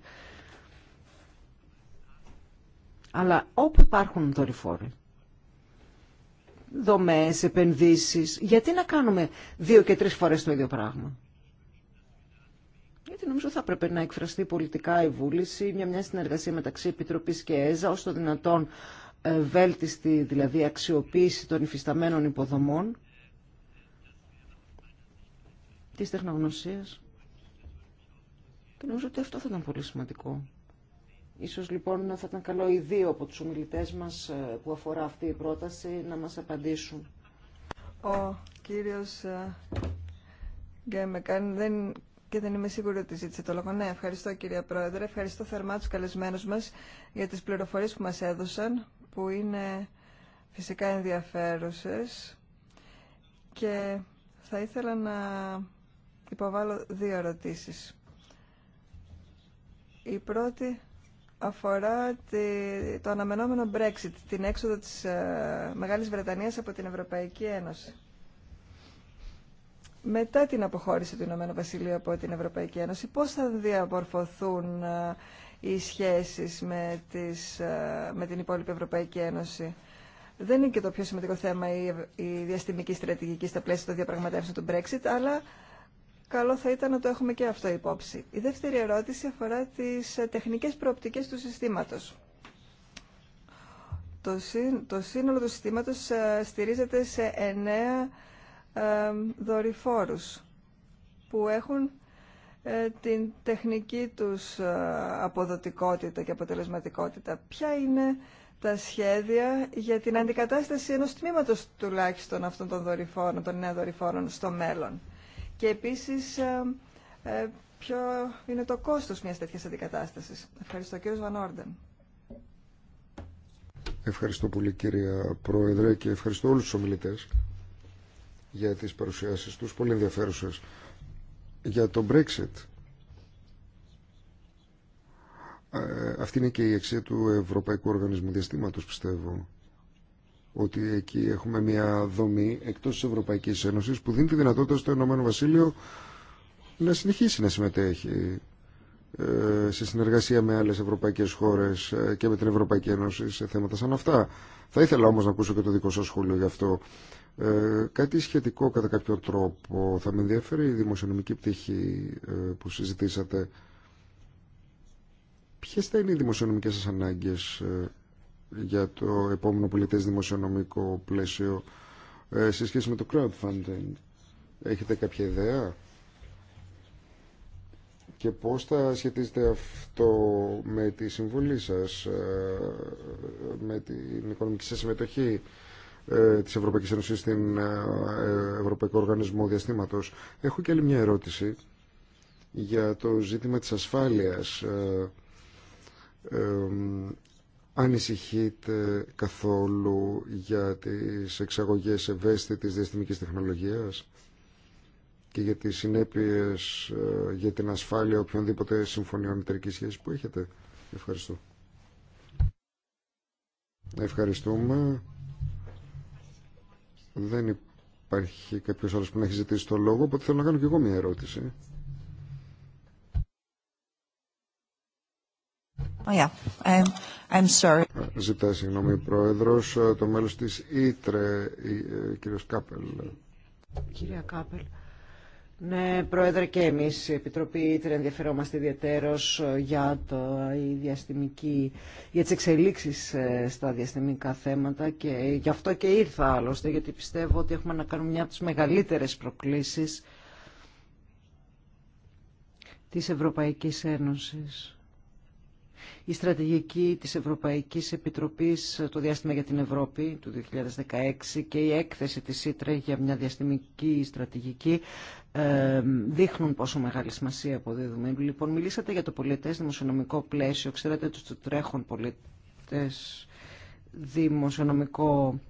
Αλλά όπου υπάρχουν δορυφόροι, δομές, επενδύσεις, γιατί να κάνουμε δύο και τρεις φορές το ίδιο πράγμα γιατί νομίζω θα έπρεπε να εκφραστεί πολιτικά η βούληση, μια μια συνεργασία μεταξύ Επιτροπής και ΕΖΑ, ώστε δυνατόν ε, βέλτιστη δηλαδή αξιοποίηση των υφισταμένων υποδομών της τεχνογνωσία. Και νομίζω ότι αυτό θα ήταν πολύ σημαντικό. Ίσως λοιπόν θα ήταν καλό οι δύο από τους ομιλητές μας ε, που αφορά αυτή η πρόταση να μας απαντήσουν. Ο κύριος ε, Γκέμεκαν δεν και δεν είμαι σίγουρη ότι ζήτησε το λόγο. Ναι, ευχαριστώ κυρία Πρόεδρε. Ευχαριστώ θερμά τους καλεσμένους μας για τις πληροφορίες που μας έδωσαν, που είναι φυσικά ενδιαφέρουσες. Και θα ήθελα να υποβάλω δύο ερωτήσεις. Η πρώτη αφορά το αναμενόμενο Brexit, την έξοδο της ε, Μεγάλης Βρετανίας από την Ευρωπαϊκή Ένωση μετά την αποχώρηση του Ηνωμένου Βασιλείου από την Ευρωπαϊκή Ένωση, πώς θα διαμορφωθούν ε, οι σχέσεις με, τις, ε, με την υπόλοιπη Ευρωπαϊκή Ένωση. Δεν είναι και το πιο σημαντικό θέμα η, διαστημική στρατηγική στα πλαίσια των διαπραγματεύσεων του Brexit, αλλά καλό θα ήταν να το έχουμε και αυτό υπόψη. Η δεύτερη ερώτηση αφορά τις ε, τεχνικές προοπτικές του συστήματος. Το, το σύνολο του συστήματος στηρίζεται σε εννέα δορυφόρους που έχουν ε, την τεχνική τους ε, αποδοτικότητα και αποτελεσματικότητα. Ποια είναι τα σχέδια για την αντικατάσταση ενός τμήματος τουλάχιστον αυτών των δορυφόρων, των νέων δορυφόρων στο μέλλον. Και επίσης, ε, ποιο είναι το κόστος μιας τέτοιας αντικατάστασης. Ευχαριστώ κύριος Βανόρντεν. Ευχαριστώ πολύ κύριε Πρόεδρε και ευχαριστώ όλους τους ομιλητές για τις παρουσιάσεις τους, πολύ ενδιαφέρουσες. Για το Brexit, ε, αυτή είναι και η αξία του Ευρωπαϊκού Οργανισμού Διαστήματος, πιστεύω. Ότι εκεί έχουμε μια δομή εκτός της Ευρωπαϊκής Ένωσης που δίνει τη δυνατότητα στο Ενωμένο Βασίλειο να συνεχίσει να συμμετέχει ε, σε συνεργασία με άλλες ευρωπαϊκές χώρες ε, και με την Ευρωπαϊκή Ένωση σε θέματα σαν αυτά. Θα ήθελα όμως να ακούσω και το δικό σας σχόλιο γι' αυτό. Ε, κάτι σχετικό κατά κάποιο τρόπο θα με ενδιαφέρει η δημοσιονομική πτυχή ε, που συζητήσατε. Ποιε θα είναι οι δημοσιονομικές σα ανάγκε ε, για το επόμενο πολιτές δημοσιονομικό πλαίσιο ε, σε σχέση με το crowdfunding. Έχετε κάποια ιδέα και πώς θα σχετίζεται αυτό με τη συμβολή σας, με την οικονομική σας συμμετοχή ε, Τη Ευρωπαϊκή Ένωση, στην ε, ε, Ευρωπαϊκό Οργανισμό Διαστήματος. Έχω και άλλη μια ερώτηση για το ζήτημα της ασφάλειας. Ε, ε, ανησυχείτε καθόλου για τις εξαγωγές ευαίσθητης διαστημικής τεχνολογίας και για τις συνέπειες για την ασφάλεια οποιονδήποτε συμφωνιών εταιρική σχέση που έχετε. Ευχαριστώ. Ευχαριστούμε. Δεν υπάρχει κάποιο άλλο που να έχει ζητήσει το λόγο, οπότε θέλω να κάνω και εγώ μια ερώτηση. Oh yeah. I'm, I'm sorry. Ζητά συγγνώμη, Πρόεδρος, το μέλος της Ήτρε, ε, κύριο Κάπελ. Κάπελ, ναι, Πρόεδρε, και εμείς η Επιτροπή Ήτρε ενδιαφερόμαστε ιδιαίτερως ε, για, το, η για τις εξελίξεις ε, στα διαστημικά θέματα και γι' αυτό και ήρθα άλλωστε, γιατί πιστεύω ότι έχουμε να κάνουμε μια από τις μεγαλύτερες προκλήσεις της Ευρωπαϊκής Ένωσης. Η στρατηγική της Ευρωπαϊκής Επιτροπής το διάστημα για την Ευρώπη του 2016 και η έκθεση της ΣΥΤΡΕ για μια διαστημική στρατηγική ε, δείχνουν πόσο μεγάλη σημασία αποδίδουμε. Λοιπόν, μιλήσατε για το πολιτές δημοσιονομικό πλαίσιο. Ξέρετε τους τρέχον πολιτές δημοσιονομικό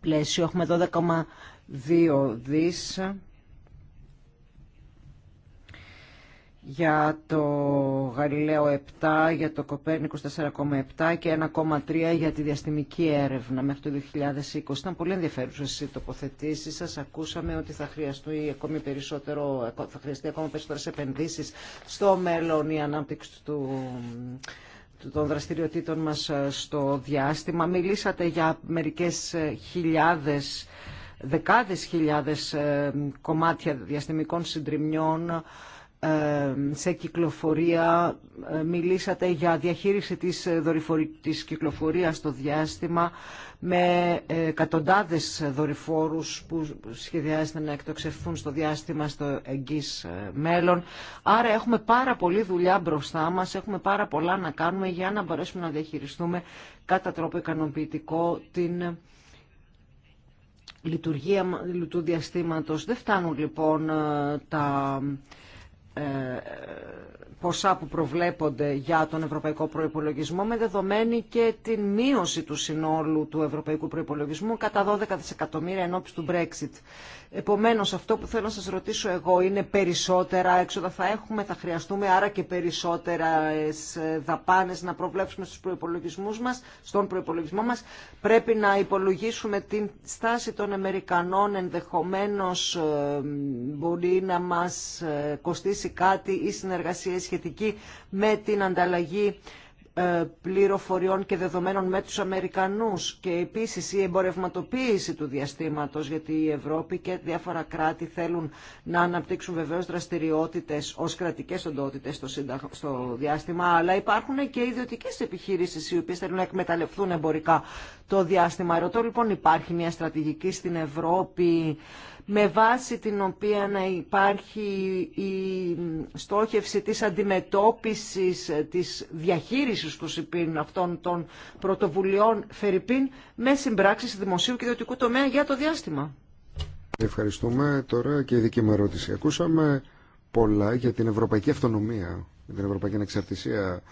πλαίσιο. Έχουμε 12,2 δις για το Γαλιλαίο 7, για το Κοπέρνικο 4,7 και 1,3 για τη διαστημική έρευνα μέχρι το 2020. Ήταν πολύ ενδιαφέρουσε οι τοποθετήσεις Σα Ακούσαμε ότι θα, χρειαστεί ακόμη περισσότερο, θα χρειαστεί ακόμα περισσότερες επενδύσεις στο μέλλον η ανάπτυξη του, των δραστηριοτήτων μας στο διάστημα. Μιλήσατε για μερικές χιλιάδες, δεκάδες χιλιάδες ε, κομμάτια διαστημικών συντριμιών σε κυκλοφορία, ε, μιλήσατε για διαχείριση της, ε, της κυκλοφορίας στο διάστημα με ε, εκατοντάδες δορυφόρους που σχεδιάζεται να εκτοξευθούν στο διάστημα στο εγγύς μέλλον. Άρα έχουμε πάρα πολλή δουλειά μπροστά μας, έχουμε πάρα πολλά να κάνουμε για να μπορέσουμε να διαχειριστούμε κατά τρόπο ικανοποιητικό την λειτουργία του διαστήματος. Δεν φτάνουν λοιπόν τα ε, ποσά που προβλέπονται για τον ευρωπαϊκό προϋπολογισμό με δεδομένη και την μείωση του συνόλου του ευρωπαϊκού προϋπολογισμού κατά 12 δισεκατομμύρια ενώπιση του Brexit. Επομένως αυτό που θέλω να σας ρωτήσω εγώ είναι περισσότερα έξοδα θα έχουμε, θα χρειαστούμε άρα και περισσότερα δαπάνες να προβλέψουμε στους προϋπολογισμούς μας, στον προϋπολογισμό μας. Πρέπει να υπολογίσουμε την στάση των Αμερικανών ενδεχομένως ε, μπορεί να μας ε, κοστίσει κάτι η συνεργασία σχετική με την ανταλλαγή ε, πληροφοριών και δεδομένων με τους Αμερικανούς και επίσης η εμπορευματοποίηση του διαστήματος γιατί η Ευρώπη και διάφορα κράτη θέλουν να αναπτύξουν βεβαίως δραστηριότητες ως κρατικές οντότητες στο, διάστημα αλλά υπάρχουν και ιδιωτικές επιχείρησεις οι οποίες θέλουν να εκμεταλλευτούν εμπορικά το διάστημα. Ρωτώ λοιπόν υπάρχει μια στρατηγική στην Ευρώπη με βάση την οποία να υπάρχει η στόχευση της αντιμετώπισης, της διαχείρισης του ΣΥΠΗΝ αυτών των πρωτοβουλειών Φερρυπίν με συμπράξεις δημοσίου και ιδιωτικού τομέα για το διάστημα. Ευχαριστούμε. Τώρα και η δική μου ερώτηση. Ακούσαμε πολλά για την ευρωπαϊκή αυτονομία, την ευρωπαϊκή ανεξαρτησία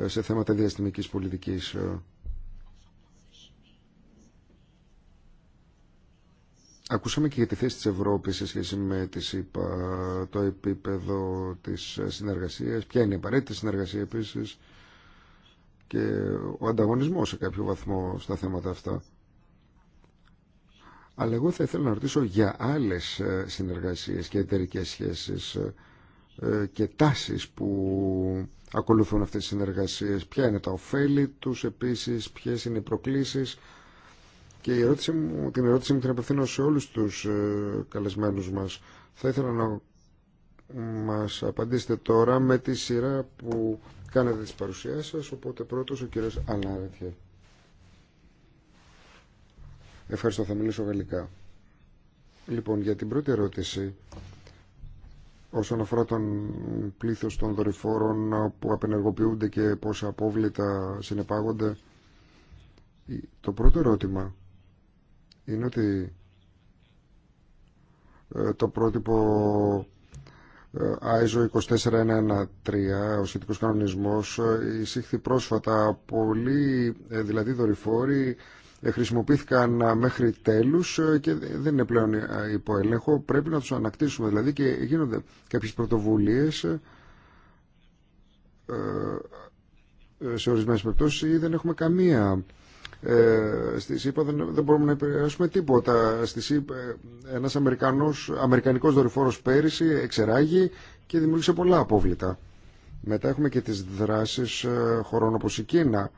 ε, σε θέματα διαστημικής πολιτικής. Ε, Ακούσαμε και για τη θέση της Ευρώπης σε σχέση με τις είπα, το επίπεδο της συνεργασίας, ποια είναι η απαραίτητη συνεργασία επίσης και ο ανταγωνισμός σε κάποιο βαθμό στα θέματα αυτά. Αλλά εγώ θα ήθελα να ρωτήσω για άλλες ε, συνεργασίες και εταιρικέ σχέσεις ε, και τάσεις που ακολουθούν αυτές τις συνεργασίες. Ποια είναι τα ωφέλη τους επίσης, ποιες είναι οι προκλήσεις και η ερώτηση μου, την ερώτηση μου την απευθύνω σε όλους τους ε, καλεσμένους μας. Θα ήθελα να μας απαντήσετε τώρα με τη σειρά που κάνετε τις παρουσιάσεις σας, οπότε πρώτος ο κύριος Αλάρετιε. Ευχαριστώ, θα μιλήσω γαλλικά. Λοιπόν, για την πρώτη ερώτηση, όσον αφορά τον πλήθος των δορυφόρων που απενεργοποιούνται και πόσα απόβλητα συνεπάγονται, το πρώτο ερώτημα είναι ότι ε, το πρότυπο ε, ISO 24113, ο σχετικός κανονισμός, ε, εισήχθη πρόσφατα. πολύ, δηλαδή δορυφόροι, χρησιμοποιήθηκαν μέχρι τέλους και δεν είναι πλέον υπό έλεγχο. Πρέπει να τους ανακτήσουμε δηλαδή και γίνονται κάποιες πρωτοβουλίες σε ορισμένες περιπτώσεις ή δεν έχουμε καμία ε, στη ΣΥΠΑ δεν, δεν μπορούμε να επηρεάσουμε τίποτα. Στη ΣΥΠΑ ε, ένας Αμερικανός, Αμερικανικός δορυφόρος πέρυσι εξεράγει και δημιούργησε πολλά απόβλητα. Μετά έχουμε και τις δράσεις ε, χωρών όπως η Κίνα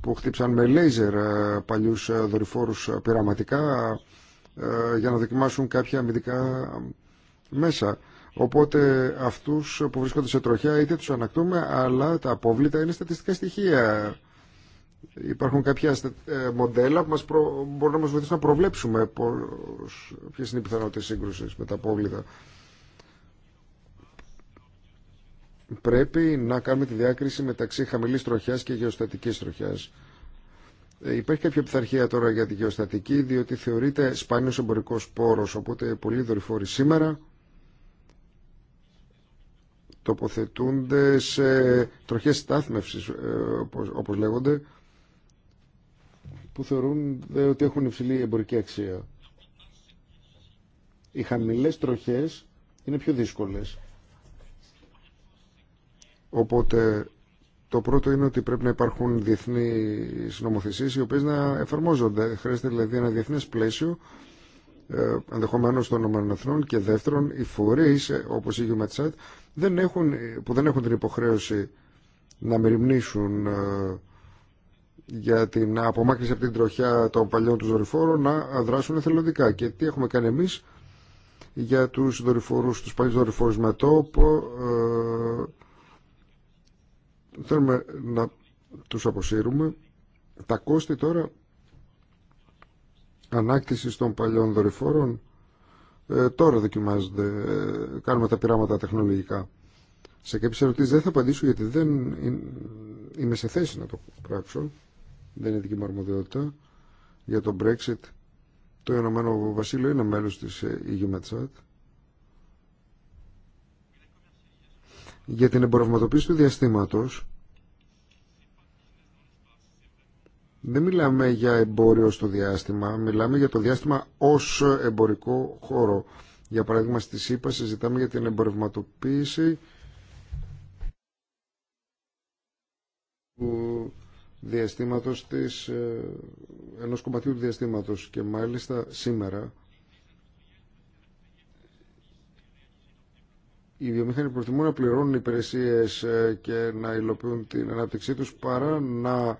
που χτύψαν με λέιζερ ε, παλιούς δορυφόρους πειραματικά για να δοκιμάσουν κάποια αμυντικά μέσα. Οπότε αυτούς που βρίσκονται σε τροχιά είτε τους ανακτούμε αλλά τα απόβλητα είναι στατιστικά στοιχεία. Υπάρχουν κάποια ε, μοντέλα που μας μπορούν να μας βοηθήσουν να προβλέψουμε πώς... ποιες είναι οι πιθανότητες σύγκρουσης με τα απόβλητα. Πρέπει να κάνουμε τη διάκριση μεταξύ χαμηλής τροχιάς και γεωστατικής τροχιάς. Ε, υπάρχει κάποια πειθαρχία τώρα για τη γεωστατική, διότι θεωρείται σπάνιος εμπορικός πόρος, οπότε πολλοί δορυφόροι σήμερα τοποθετούνται σε τροχές στάθμευσης, ε, όπως λέγονται, που θεωρούν ότι έχουν υψηλή εμπορική αξία. Οι χαμηλέ τροχές είναι πιο δύσκολες. Οπότε το πρώτο είναι ότι πρέπει να υπάρχουν διεθνεί νομοθεσίε οι οποίε να εφαρμόζονται. Χρειάζεται δηλαδή ένα διεθνέ πλαίσιο ε, ενδεχομένω των ΗΠΑ και δεύτερον οι φορεί ε, όπω η UMATSAT δεν έχουν, που δεν έχουν την υποχρέωση να μεριμνήσουν ε, για την απομάκρυνση από την τροχιά των παλιών του δορυφόρων να δράσουν εθελοντικά. Και τι έχουμε κάνει εμείς για τους δορυφορούς, τους παλιούς δορυφόρους με τόπο. Ε, θέλουμε να τους αποσύρουμε. Τα κόστη τώρα ανάκτηση των παλιών δορυφόρων ε, τώρα δοκιμάζονται, ε, κάνουμε τα πειράματα τεχνολογικά. Σε κάποιε ερωτήσει δεν θα απαντήσω γιατί δεν είμαι σε θέση να το πράξω δεν είναι δική μου αρμοδιότητα. Για το Brexit, το Ηνωμένο Βασίλειο είναι μέλος της EUMETSAT. Ε, για την εμπορευματοποίηση του διαστήματος, δεν μιλάμε για εμπόριο στο διάστημα, μιλάμε για το διάστημα ως εμπορικό χώρο. Για παράδειγμα, στη ΣΥΠΑ συζητάμε για την εμπορευματοποίηση διαστήματος της, ε, ενός κομματιού του διαστήματος και μάλιστα σήμερα οι βιομηχανοί προτιμούν να πληρώνουν υπηρεσίες ε, και να υλοποιούν την ανάπτυξή τους παρά να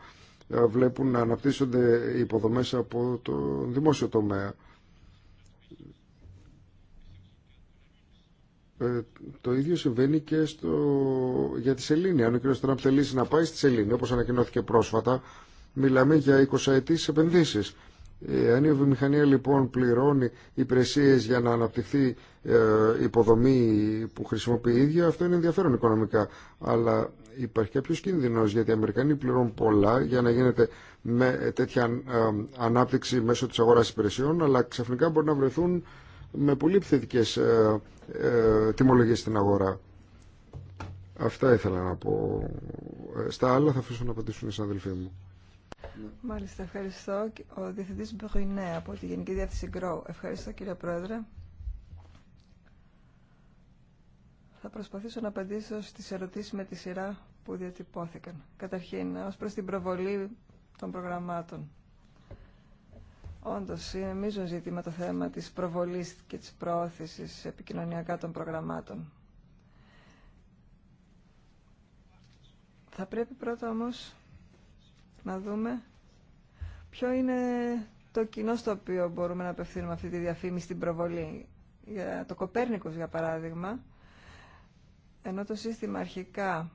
ε, βλέπουν να αναπτύσσονται υποδομές από το δημόσιο τομέα. Ε, το ίδιο συμβαίνει και στο... για τη Σελήνη. Αν ο κ. Τραμπ θελήσει να πάει στη Σελήνη, όπω ανακοινώθηκε πρόσφατα, μιλάμε για 20 ετήσεις επενδύσεις. Ε, αν η βιομηχανία λοιπόν πληρώνει υπηρεσίε για να αναπτυχθεί ε, υποδομή που χρησιμοποιεί η ίδια, αυτό είναι ενδιαφέρον οικονομικά. Αλλά υπάρχει κάποιο κίνδυνο γιατί οι Αμερικανοί πληρώνουν πολλά για να γίνεται με τέτοια ανάπτυξη μέσω τη αγορά υπηρεσιών, αλλά ξαφνικά μπορεί να βρεθούν με πολύ επιθετικές ε, ε, τιμολογίες στην αγορά. Αυτά ήθελα να πω. Ε, στα άλλα θα αφήσω να απαντήσουν οι συναδελφοί μου. Μάλιστα, ευχαριστώ. Ο Διευθυντής Μπρουινέ από τη Γενική Διεύθυνση Grow. Ευχαριστώ κύριε Πρόεδρε. Θα προσπαθήσω να απαντήσω στις ερωτήσεις με τη σειρά που διατυπώθηκαν. Καταρχήν, ως προς την προβολή των προγραμμάτων. Όντω είναι μείζον ζήτημα το θέμα τη προβολή και της προώθηση επικοινωνιακά των προγραμμάτων. Θα πρέπει πρώτα όμως να δούμε ποιο είναι το κοινό στο οποίο μπορούμε να απευθύνουμε αυτή τη διαφήμιση στην προβολή. Για το Κοπέρνικος, για παράδειγμα, ενώ το σύστημα αρχικά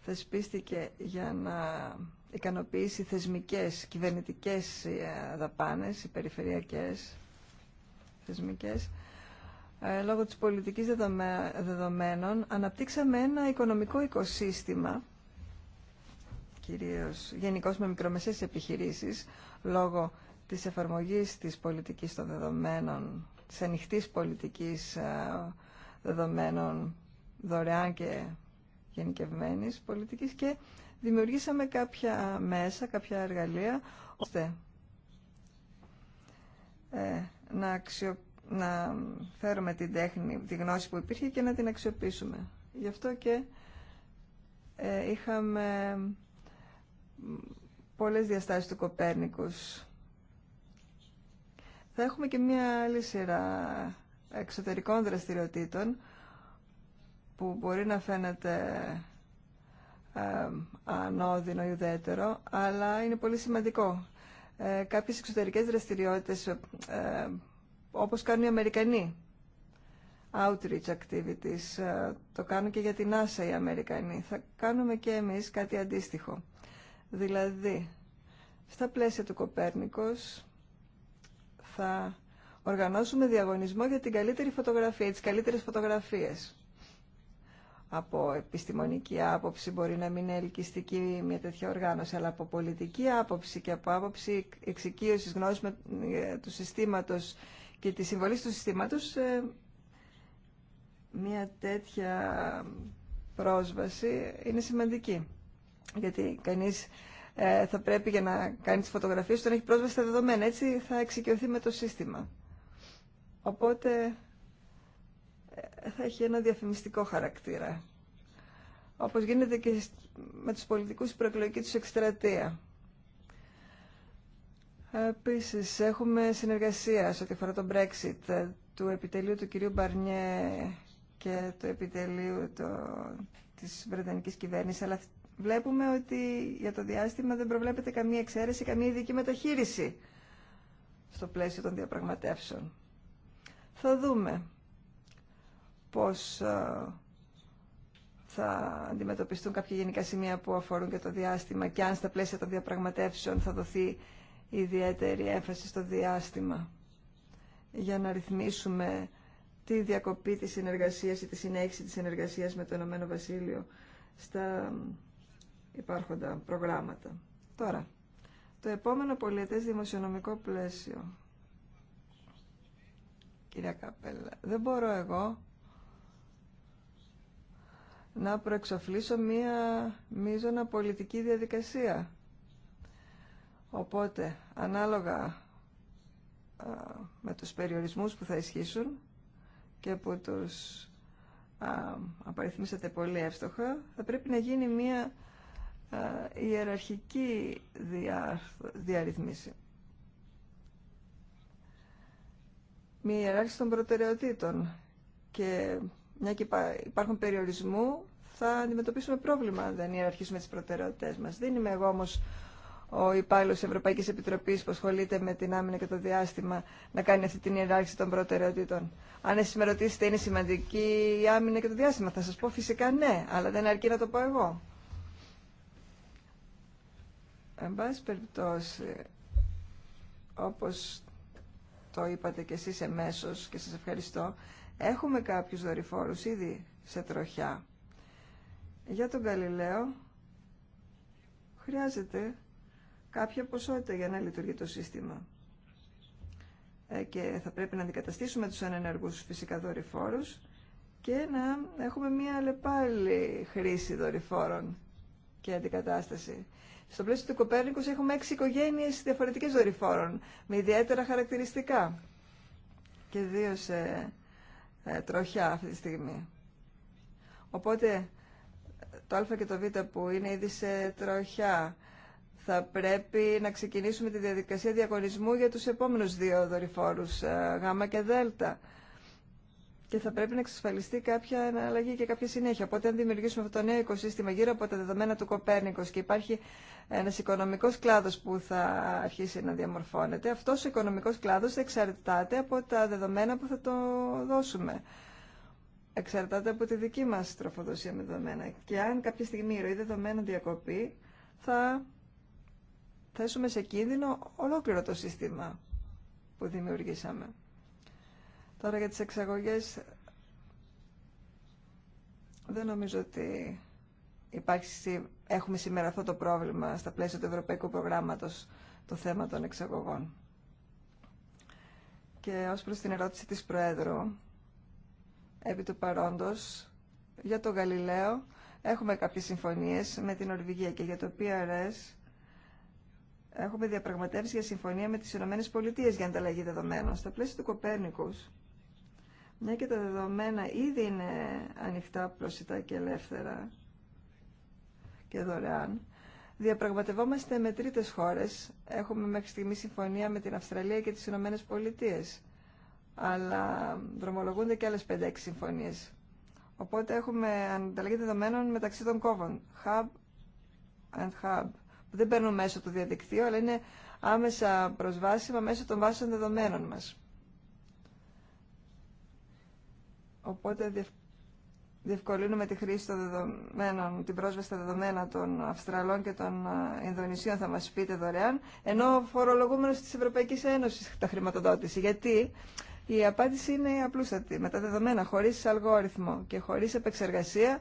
θεσπίστηκε για να ικανοποιήσει θεσμικές, κυβερνητικές ε, δαπάνες, οι περιφερειακές θεσμικές, ε, λόγω της πολιτικής δεδομένων, αναπτύξαμε ένα οικονομικό οικοσύστημα, κυρίως γενικώς με μικρομεσαίες επιχειρήσεις, λόγω της εφαρμογής της πολιτικής των δεδομένων, της ανοιχτή πολιτικής ε, δεδομένων δωρεάν και γενικευμένης πολιτικής και δημιουργήσαμε κάποια μέσα, κάποια εργαλεία, ώστε ε, να, αξιο... φέρουμε την τέχνη, τη γνώση που υπήρχε και να την αξιοποιήσουμε. Γι' αυτό και ε, είχαμε πολλές διαστάσεις του Κοπέρνικους. Θα έχουμε και μία άλλη σειρά εξωτερικών δραστηριοτήτων που μπορεί να φαίνεται ανώδυνο ή ουδέτερο, αλλά είναι πολύ σημαντικό. Ε, κάποιες εξωτερικές δραστηριότητες, ε, όπως κάνουν οι Αμερικανοί, outreach activities, ε, το κάνουν και για την NASA οι Αμερικανοί. Θα κάνουμε και εμείς κάτι αντίστοιχο. Δηλαδή, στα πλαίσια του Κοπέρνικος θα οργανώσουμε διαγωνισμό για την καλύτερη φωτογραφία, τις καλύτερες φωτογραφίες από επιστημονική άποψη μπορεί να μην είναι ελκυστική μια τέτοια οργάνωση, αλλά από πολιτική άποψη και από άποψη εξοικείωση γνώση ε, του συστήματο και τη συμβολή του συστήματο, ε, μια τέτοια πρόσβαση είναι σημαντική. Γιατί κανεί ε, θα πρέπει για να κάνει τι φωτογραφίε του να έχει πρόσβαση στα δεδομένα. Έτσι θα εξοικειωθεί με το σύστημα. Οπότε θα έχει ένα διαφημιστικό χαρακτήρα. Όπως γίνεται και με τους πολιτικούς προεκλογική τους εκστρατεία. Επίσης, έχουμε συνεργασία σε ό,τι αφορά το Brexit ε, του επιτελείου του κυρίου Μπαρνιέ και του επιτελείου το, της Βρετανικής κυβέρνησης, αλλά βλέπουμε ότι για το διάστημα δεν προβλέπεται καμία εξαίρεση, καμία ειδική μεταχείριση στο πλαίσιο των διαπραγματεύσεων. Θα δούμε πώς ε, θα αντιμετωπιστούν κάποια γενικά σημεία που αφορούν και το διάστημα και αν στα πλαίσια των διαπραγματεύσεων θα δοθεί ιδιαίτερη έμφαση στο διάστημα για να ρυθμίσουμε τη διακοπή της συνεργασίας ή τη συνέχιση της συνεργασίας με το Ηνωμένο Βασίλειο στα υπάρχοντα προγράμματα. Τώρα, το επόμενο πολιετές δημοσιονομικό πλαίσιο. Κυρία Καπέλα, δεν μπορώ εγώ να προεξοφλήσω μία μείζωνα πολιτική διαδικασία. Οπότε, ανάλογα με τους περιορισμούς που θα ισχύσουν και που τους απαριθμίσατε πολύ εύστοχα, θα πρέπει να γίνει μία ιεραρχική διαρρυθμίση. Μία ιεράρχηση των προτεραιοτήτων και μια και υπάρχουν περιορισμού, θα αντιμετωπίσουμε πρόβλημα αν δεν ιεραρχήσουμε τι προτεραιότητες μα. Δεν είμαι εγώ όμως ο υπάλληλο τη Ευρωπαϊκή Επιτροπή που ασχολείται με την άμυνα και το διάστημα να κάνει αυτή την ιεράρχηση των προτεραιοτήτων. Αν εσεί με ρωτήσετε, είναι σημαντική η άμυνα και το διάστημα, θα σα πω φυσικά ναι, αλλά δεν αρκεί να το πω εγώ. Εν πάση περιπτώσει, όπω το είπατε και εσεί εμέσως και σα ευχαριστώ, Έχουμε κάποιους δορυφόρους ήδη σε τροχιά. Για τον Γαλιλαίο χρειάζεται κάποια ποσότητα για να λειτουργεί το σύστημα. Ε, και θα πρέπει να αντικαταστήσουμε τους ανενεργούς φυσικά δορυφόρους και να έχουμε μια αλλεπάλλη χρήση δορυφόρων και αντικατάσταση. Στο πλαίσιο του Κοπέρνικους έχουμε έξι οικογένειες διαφορετικές δορυφόρων με ιδιαίτερα χαρακτηριστικά και δύο σε ε, τροχιά αυτή τη στιγμή. Οπότε το α και το β που είναι ήδη σε τροχιά θα πρέπει να ξεκινήσουμε τη διαδικασία διαγωνισμού για τους επόμενους δύο δορυφόρους ε, γ και δ και θα πρέπει να εξασφαλιστεί κάποια αναλλαγή και κάποια συνέχεια. Οπότε, αν δημιουργήσουμε αυτό το νέο οικοσύστημα γύρω από τα δεδομένα του Κοπέρνικο και υπάρχει ένα οικονομικό κλάδο που θα αρχίσει να διαμορφώνεται, αυτό ο οικονομικό κλάδο εξαρτάται από τα δεδομένα που θα το δώσουμε. Εξαρτάται από τη δική μα τροφοδοσία με δεδομένα. Και αν κάποια στιγμή η ροή δεδομένων διακοπεί, θα θέσουμε σε κίνδυνο ολόκληρο το σύστημα που δημιουργήσαμε. Τώρα για τις εξαγωγές δεν νομίζω ότι υπάρχει, έχουμε σήμερα αυτό το πρόβλημα στα πλαίσια του Ευρωπαϊκού Προγράμματος το θέμα των εξαγωγών. Και ως προς την ερώτηση της Προέδρου, επί του παρόντος, για το Γαλιλαίο έχουμε κάποιες συμφωνίες με την Ορβηγία και για το PRS έχουμε διαπραγματεύσει για συμφωνία με τις ΗΠΑ για ανταλλαγή δεδομένων. Στα πλαίσια του Κοπέρνικους μια ναι, και τα δεδομένα ήδη είναι ανοιχτά, προσιτά και ελεύθερα και δωρεάν. Διαπραγματευόμαστε με τρίτες χώρες. Έχουμε μέχρι στιγμή συμφωνία με την Αυστραλία και τις Ηνωμένε Πολιτείε. Αλλά δρομολογούνται και άλλες 5-6 συμφωνίες. Οπότε έχουμε ανταλλαγή δεδομένων μεταξύ των κόβων. Hub and Hub. δεν παίρνουν μέσω του διαδικτύου, αλλά είναι άμεσα προσβάσιμα μέσω των βάσεων δεδομένων μας. Οπότε διευκολύνουμε τη χρήση των δεδομένων, την πρόσβαση στα δεδομένα των Αυστραλών και των ε, Ινδονησίων, θα μας πείτε δωρεάν, ενώ φορολογούμενος της Ευρωπαϊκής Ένωσης τα χρηματοδότηση. Γιατί η απάντηση είναι απλούστατη. Με τα δεδομένα, χωρίς αλγόριθμο και χωρίς επεξεργασία,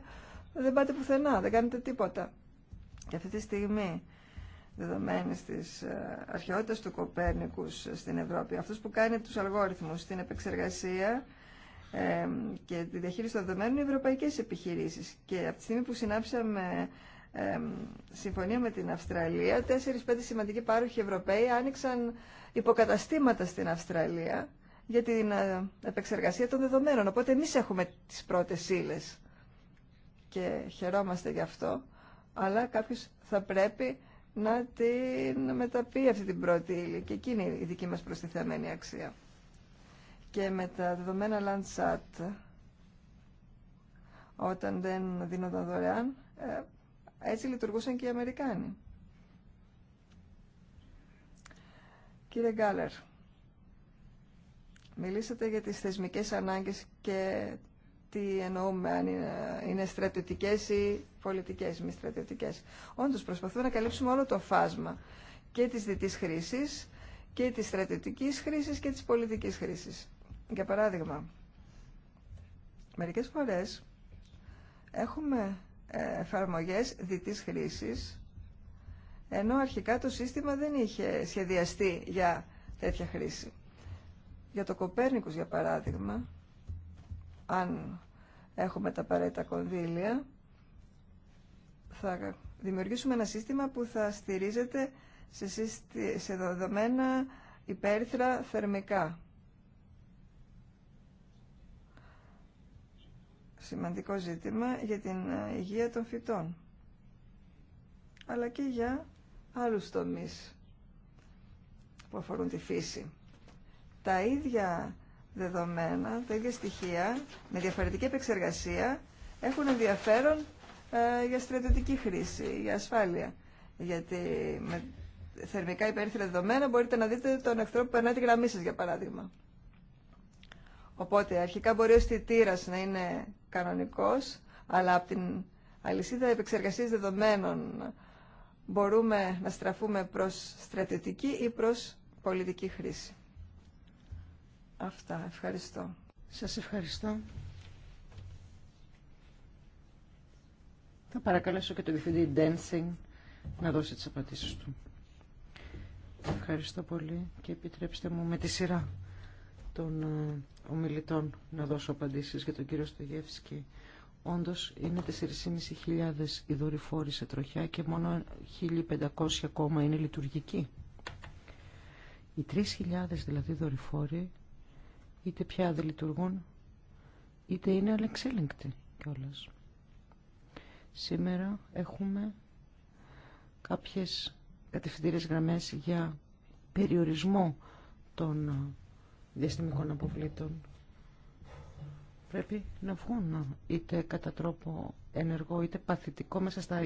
δεν πάτε πουθενά, δεν κάνετε τίποτα. Και αυτή τη στιγμή, δεδομένη τη ε, αρχαιότητα του Κοπέρνικου στην Ευρώπη, αυτό που κάνει του αλγόριθμου, στην επεξεργασία, και τη διαχείριση των δεδομένων οι ευρωπαϊκές επιχειρήσεις. Και από τη στιγμή που συνάψαμε συμφωνία με την Αυστραλία, πέντε σημαντικοί πάροχοι Ευρωπαίοι άνοιξαν υποκαταστήματα στην Αυστραλία για την ε, επεξεργασία των δεδομένων. Οπότε εμείς έχουμε τις πρώτες ύλε και χαιρόμαστε γι' αυτό, αλλά κάποιος θα πρέπει να την μεταπεί αυτή την πρώτη ύλη και εκείνη η δική μας προστιθέμενη αξία και με τα δεδομένα Landsat όταν δεν δίνονταν δωρεάν, ε, έτσι λειτουργούσαν και οι Αμερικάνοι. Κύριε Γκάλερ, μιλήσατε για τις θεσμικές ανάγκες και τι εννοούμε, αν είναι στρατιωτικές ή πολιτικές, μη στρατιωτικές. Όντως προσπαθούμε να καλύψουμε όλο το φάσμα και της δυτής χρήσης και της στρατιωτικής χρήσης και της πολιτικής χρήσης. Για παράδειγμα, μερικές φορές έχουμε ε, εφαρμογές διτής χρήσης, ενώ αρχικά το σύστημα δεν είχε σχεδιαστεί για τέτοια χρήση. Για το Κοπέρνικους, για παράδειγμα, αν έχουμε τα απαραίτητα κονδύλια, θα δημιουργήσουμε ένα σύστημα που θα στηρίζεται σε, δεδομένα υπέρυθρα θερμικά. σημαντικό ζήτημα για την ε, υγεία των φυτών, αλλά και για άλλους τομείς που αφορούν τη φύση. Τα ίδια δεδομένα, τα ίδια στοιχεία, με διαφορετική επεξεργασία, έχουν ενδιαφέρον ε, για στρατιωτική χρήση, για ασφάλεια. Γιατί με θερμικά υπέρθυρα δεδομένα μπορείτε να δείτε τον εχθρό που περνάει τη γραμμή σας, για παράδειγμα. Οπότε αρχικά μπορεί ο να είναι κανονικός, αλλά από την αλυσίδα επεξεργασίας δεδομένων μπορούμε να στραφούμε προς στρατητική ή προς πολιτική χρήση. Αυτά. Ευχαριστώ. Σας ευχαριστώ. Θα παρακαλέσω και τον διευθυντή Dancing να δώσει τις απαντήσεις του. Ευχαριστώ πολύ και επιτρέψτε μου με τη σειρά των ε, ομιλητών να δώσω απαντήσεις για τον κύριο Στογεύσκη. Όντως είναι 4.500 οι δορυφόροι σε τροχιά και μόνο 1.500 ακόμα είναι λειτουργικοί. Οι 3.000 δηλαδή δορυφόροι είτε πια δεν λειτουργούν είτε είναι αλεξέλεγκτοι κιόλα. Σήμερα έχουμε κάποιες κατευθυντήρες γραμμές για περιορισμό των διαστημικών αποβλήτων. Πρέπει να βγουν είτε κατά τρόπο ενεργό είτε παθητικό μέσα στα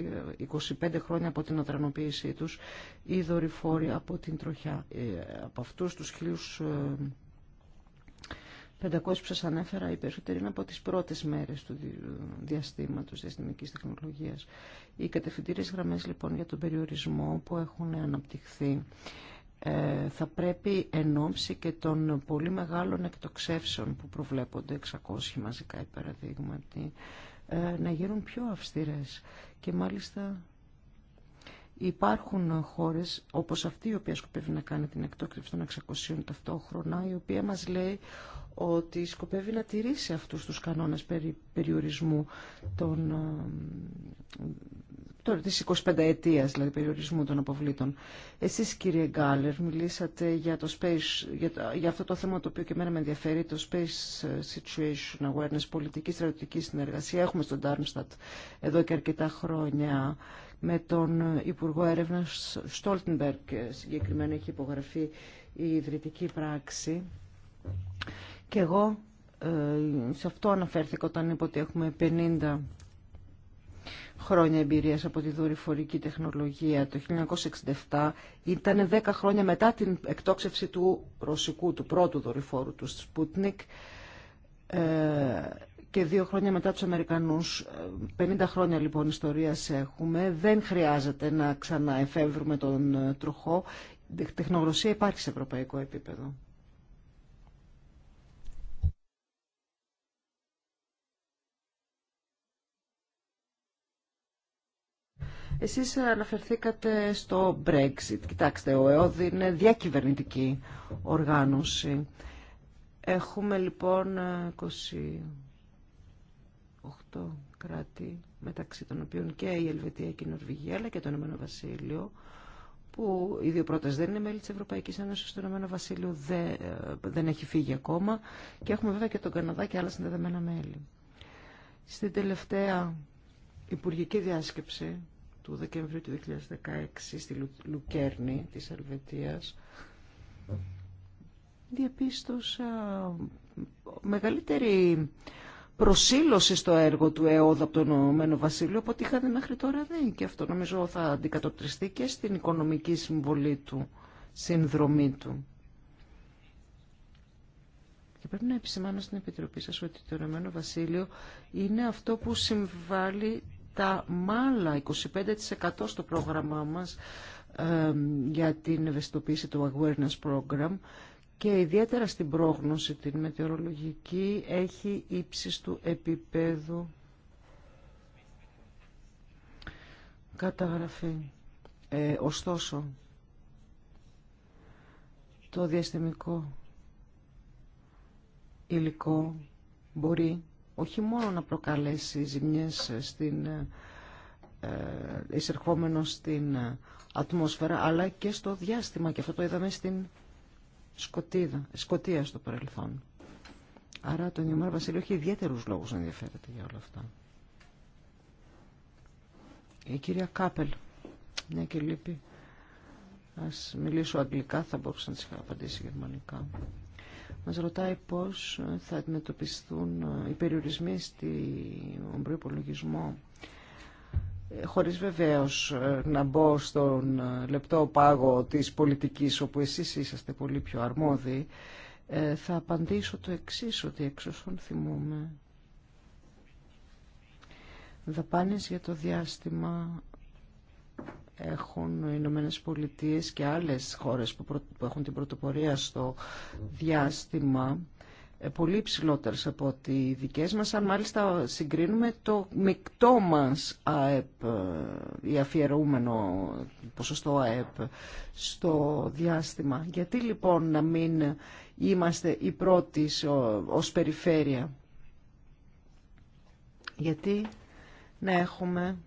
25 χρόνια από την οτρανοποίησή τους ή δορυφόροι από την τροχιά. Ε, από αυτούς τους 1.500 ε, που σας ανέφερα οι περισσότεροι είναι από τις πρώτες μέρες του διαστήματος διαστημικής τεχνολογίας. Οι κατευθυντήριες γραμμές λοιπόν για τον περιορισμό που έχουν αναπτυχθεί ε, θα πρέπει εν ώψη και των πολύ μεγάλων εκτοξεύσεων που προβλέπονται 600 μαζικά οι ε, να γίνουν πιο αυστηρές και μάλιστα υπάρχουν χώρες όπως αυτή η οποία σκοπεύει να κάνει την εκτόξευση των 600 ταυτόχρονα η οποία μας λέει ότι σκοπεύει να τηρήσει αυτούς τους κανόνες περί περιορισμού των ε, τώρα της 25 ετία δηλαδή περιορισμού των αποβλήτων. Εσείς κύριε Γκάλερ μιλήσατε για, το space, για, το, για αυτό το θέμα το οποίο και εμένα με ενδιαφέρει το Space ε, Situation Awareness, πολιτική στρατιωτική συνεργασία. Έχουμε στον Τάρνστατ εδώ και αρκετά χρόνια με τον Υπουργό Έρευνας Στόλτενμπερκ συγκεκριμένα έχει υπογραφεί η ιδρυτική πράξη και εγώ ε, σε αυτό αναφέρθηκα όταν είπα ότι έχουμε 50 χρόνια εμπειρίας από τη δορυφορική τεχνολογία. Το 1967 ήταν 10 χρόνια μετά την εκτόξευση του ρωσικού, του πρώτου δορυφόρου, του Sputnik, ε, και δύο χρόνια μετά τους Αμερικανούς. 50 ε, χρόνια λοιπόν ιστορίας έχουμε. Δεν χρειάζεται να ξαναεφεύρουμε τον ε, τροχό. Τεχνογνωσία υπάρχει σε ευρωπαϊκό επίπεδο. Εσείς αναφερθήκατε στο Brexit. Κοιτάξτε, ο ΕΟΔ είναι διακυβερνητική οργάνωση. Έχουμε λοιπόν 28 κράτη, μεταξύ των οποίων και η Ελβετία και η Νορβηγία, αλλά και το Ηνωμένο Βασίλειο, που οι δύο πρώτες δεν είναι μέλη της Ευρωπαϊκής Ένωσης. το Ηνωμένο Βασίλειο δεν, ε, δεν έχει φύγει ακόμα και έχουμε βέβαια και τον Καναδά και άλλα συνδεδεμένα μέλη. Στην τελευταία υπουργική διάσκεψη του Δεκεμβρίου του 2016 στη Λουκέρνη της Ελβετίας διαπίστωσα μεγαλύτερη προσήλωση στο έργο του ΕΟΔ από τον Ομένο Βασίλειο από ό,τι είχατε μέχρι τώρα δει. Και αυτό νομίζω θα αντικατοπτριστεί και στην οικονομική συμβολή του, συνδρομή του. Και πρέπει να επισημάνω στην Επιτροπή σας ότι το Ηνωμένο Βασίλειο είναι αυτό που συμβάλλει τα μάλα, 25% στο πρόγραμμά μας για την ευαισθητοποίηση του Awareness Program και ιδιαίτερα στην πρόγνωση την μετεωρολογική έχει του επίπεδου καταγραφή. Ε, ωστόσο, το διαστημικό υλικό μπορεί όχι μόνο να προκαλέσει ζημιές στην, ε, ε, εισερχόμενο στην ε, ατμόσφαιρα αλλά και στο διάστημα και αυτό το είδαμε στην σκοτίδα, σκοτία στο παρελθόν. Άρα το Ηνωμένο Βασίλειο έχει ιδιαίτερου λόγους να ενδιαφέρεται για όλα αυτά. Η κυρία Κάπελ, μια και λείπει. Ας μιλήσω αγγλικά, θα μπορούσα να της γερμανικά μας ρωτάει πώς θα αντιμετωπιστούν οι περιορισμοί στον προπολογισμό ε, χωρίς βεβαίως ε, να μπω στον ε, λεπτό πάγο της πολιτικής όπου εσείς είσαστε πολύ πιο αρμόδιοι θα απαντήσω το εξής ότι εξ όσων θυμούμε δαπάνες για το διάστημα έχουν οι Ηνωμένε Πολιτείε και άλλες χώρες που, έχουν την πρωτοπορία στο διάστημα ε, πολύ υψηλότερε από ότι οι δικές μας, αν μάλιστα συγκρίνουμε το μεικτό μας ΑΕΠ ή ε, αφιερούμενο ποσοστό ΑΕΠ στο διάστημα. Γιατί λοιπόν να μην είμαστε οι πρώτοι ως περιφέρεια. Γιατί να έχουμε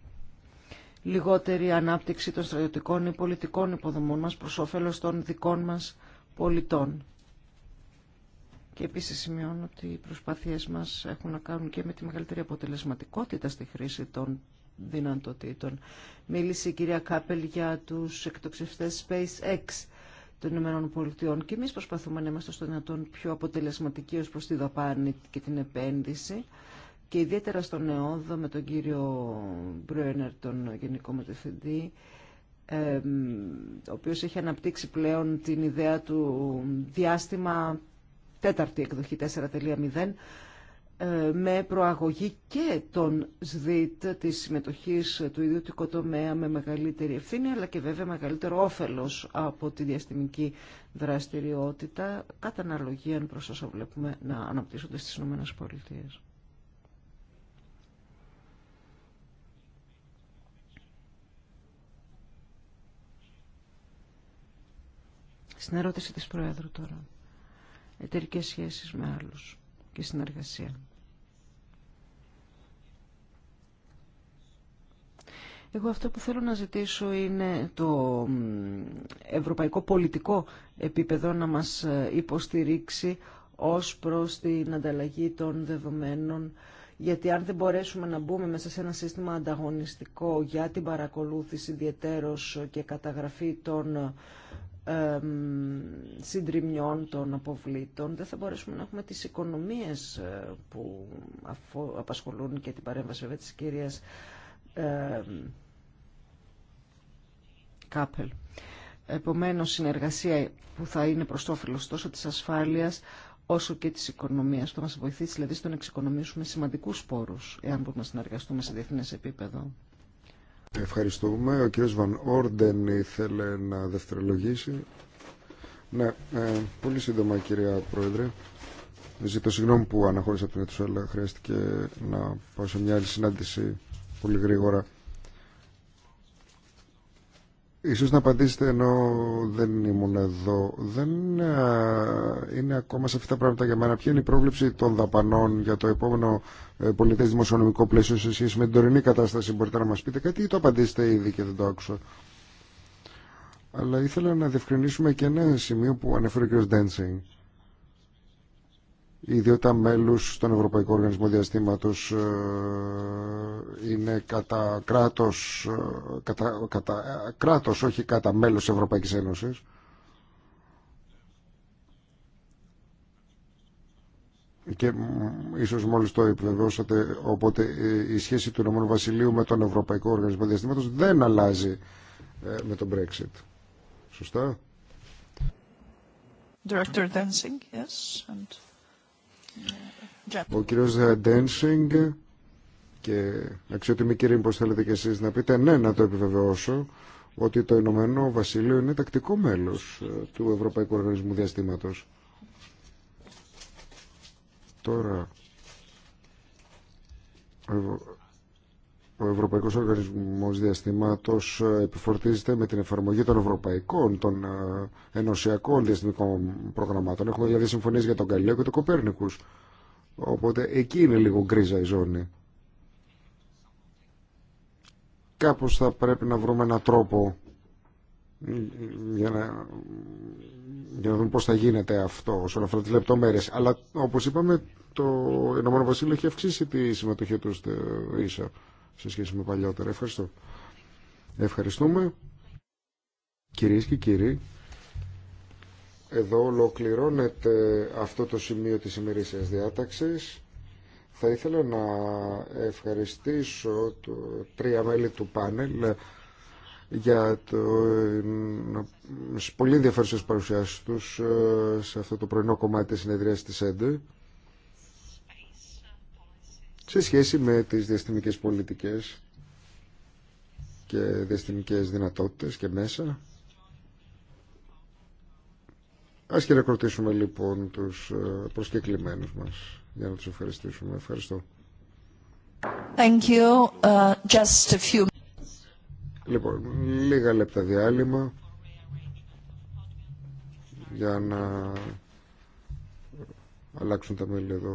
λιγότερη ανάπτυξη των στρατιωτικών ή πολιτικών υποδομών μας προς όφελος των δικών μας πολιτών. Και επίσης σημειώνω ότι οι προσπάθειές μας έχουν να κάνουν και με τη μεγαλύτερη αποτελεσματικότητα στη χρήση των δυνατοτήτων. Μίλησε η κυρία Κάπελ για τους εκτοξευτές SpaceX των Ηνωμένων Πολιτειών και εμείς προσπαθούμε να είμαστε στο δυνατόν πιο αποτελεσματικοί ως προς τη δαπάνη και την επένδυση και ιδιαίτερα στον ΕΟΔΟ με τον κύριο Μπρουένερ, τον Γενικό Μετευθυντή, ο οποίος έχει αναπτύξει πλέον την ιδέα του διάστημα τέταρτη εκδοχή 4.0, ε, με προαγωγή και των ΣΔΙΤ της συμμετοχής του ιδιωτικού τομέα με μεγαλύτερη ευθύνη αλλά και βέβαια μεγαλύτερο όφελος από τη διαστημική δραστηριότητα κατά αναλογία προς όσα βλέπουμε να αναπτύσσονται στις ΗΠΑ Στην ερώτηση της Προέδρου τώρα. Εταιρικέ σχέσεις με άλλους και συνεργασία. Εγώ αυτό που θέλω να ζητήσω είναι το ευρωπαϊκό πολιτικό επίπεδο να μας ε, υποστηρίξει ως προς την ανταλλαγή των δεδομένων γιατί αν δεν μπορέσουμε να μπούμε μέσα σε ένα σύστημα ανταγωνιστικό για την παρακολούθηση ιδιαιτέρως και καταγραφή των συντριμιών των αποβλήτων, δεν θα μπορέσουμε να έχουμε τις οικονομίες ε, που απασχολούν και την παρέμβαση βέβαια της κυρίας Κάπελ. Επομένως, συνεργασία που θα είναι προς το όφελος τόσο της ασφάλειας όσο και της οικονομίας. το μας βοηθήσει δηλαδή στο να εξοικονομήσουμε σημαντικούς πόρους, εάν μπορούμε να συνεργαστούμε σε διεθνές επίπεδο. Ευχαριστούμε. Ο κύριος Βαν Όρντεν ήθελε να δευτερολογήσει. Ναι, ε, πολύ σύντομα κυρία Πρόεδρε. Ζητώ συγγνώμη που αναχώρησα από την αίθουσα, αλλά χρειάστηκε να πάω σε μια άλλη συνάντηση πολύ γρήγορα. Ίσως να απαντήσετε ενώ δεν ήμουν εδώ. Δεν είναι ακόμα σε αυτά τα πράγματα για μένα. Ποια είναι η πρόβλεψη των δαπανών για το επόμενο ε, πολιτές δημοσιονομικό πλαίσιο σε σχέση με την τωρινή κατάσταση. Μπορείτε να μας πείτε κάτι ή το απαντήσετε ήδη και δεν το άκουσα. Αλλά ήθελα να διευκρινίσουμε και ένα σημείο που ανέφερε ο κ. Ντένσινγκ ιδιότητα μέλους στον Ευρωπαϊκό Οργανισμό Διαστήματος ε, είναι κατά κράτος, ε, κατά, κατά, ε, κράτος όχι κατά μέλος της Ευρωπαϊκής Ένωσης. και ίσως μόλις το επιβεβαιώσατε οπότε η σχέση του Ηνωμένου Βασιλείου με τον Ευρωπαϊκό Οργανισμό Διαστήματος δεν αλλάζει με τον Brexit. Σωστά? Director Dancing, yes. And... Ο κύριος Ντένσινγκ και αξιότιμη κύριε πως θέλετε και εσείς να πείτε ναι να το επιβεβαιώσω ότι το Ηνωμένο Βασίλειο είναι τακτικό μέλος ε, του Ευρωπαϊκού Οργανισμού Διαστήματος. Τώρα, ε, ο Ευρωπαϊκός Οργανισμός Διαστήματος ε, επιφορτίζεται με την εφαρμογή των ευρωπαϊκών, των ε, ενωσιακών διαστημικών προγραμμάτων. Έχουμε δηλαδή συμφωνίες για τον Καλλιό και τον Κοπέρνικους. Οπότε εκεί είναι λίγο γκρίζα η ζώνη. Κάπως θα πρέπει να βρούμε έναν τρόπο για να, δούμε πώς θα γίνεται αυτό όσον αφορά τις λεπτομέρειες. Αλλά όπως είπαμε το Ηνωμένο Βασίλειο έχει αυξήσει τη συμμετοχή του στο ίσα σε σχέση με παλιότερα. Ευχαριστώ. Ευχαριστούμε. Κυρίες και κύριοι, εδώ ολοκληρώνεται αυτό το σημείο της ημερήσιας διάταξης. Θα ήθελα να ευχαριστήσω το, τρία μέλη του πάνελ για το, πολύ ενδιαφέρουσες παρουσιάσεις τους ε, σε αυτό το πρωινό κομμάτι της συνεδρίας της ΕΝΤΕ σε σχέση με τις διαστημικές πολιτικές και διαστημικές δυνατότητες και μέσα. Ας χειροκροτήσουμε λοιπόν τους ε, προσκεκλημένους μας για να τους ευχαριστήσουμε. Ευχαριστώ. Thank you. Uh, just a few... Λοιπόν, λίγα λεπτά διάλειμμα για να αλλάξουν τα μέλη εδώ.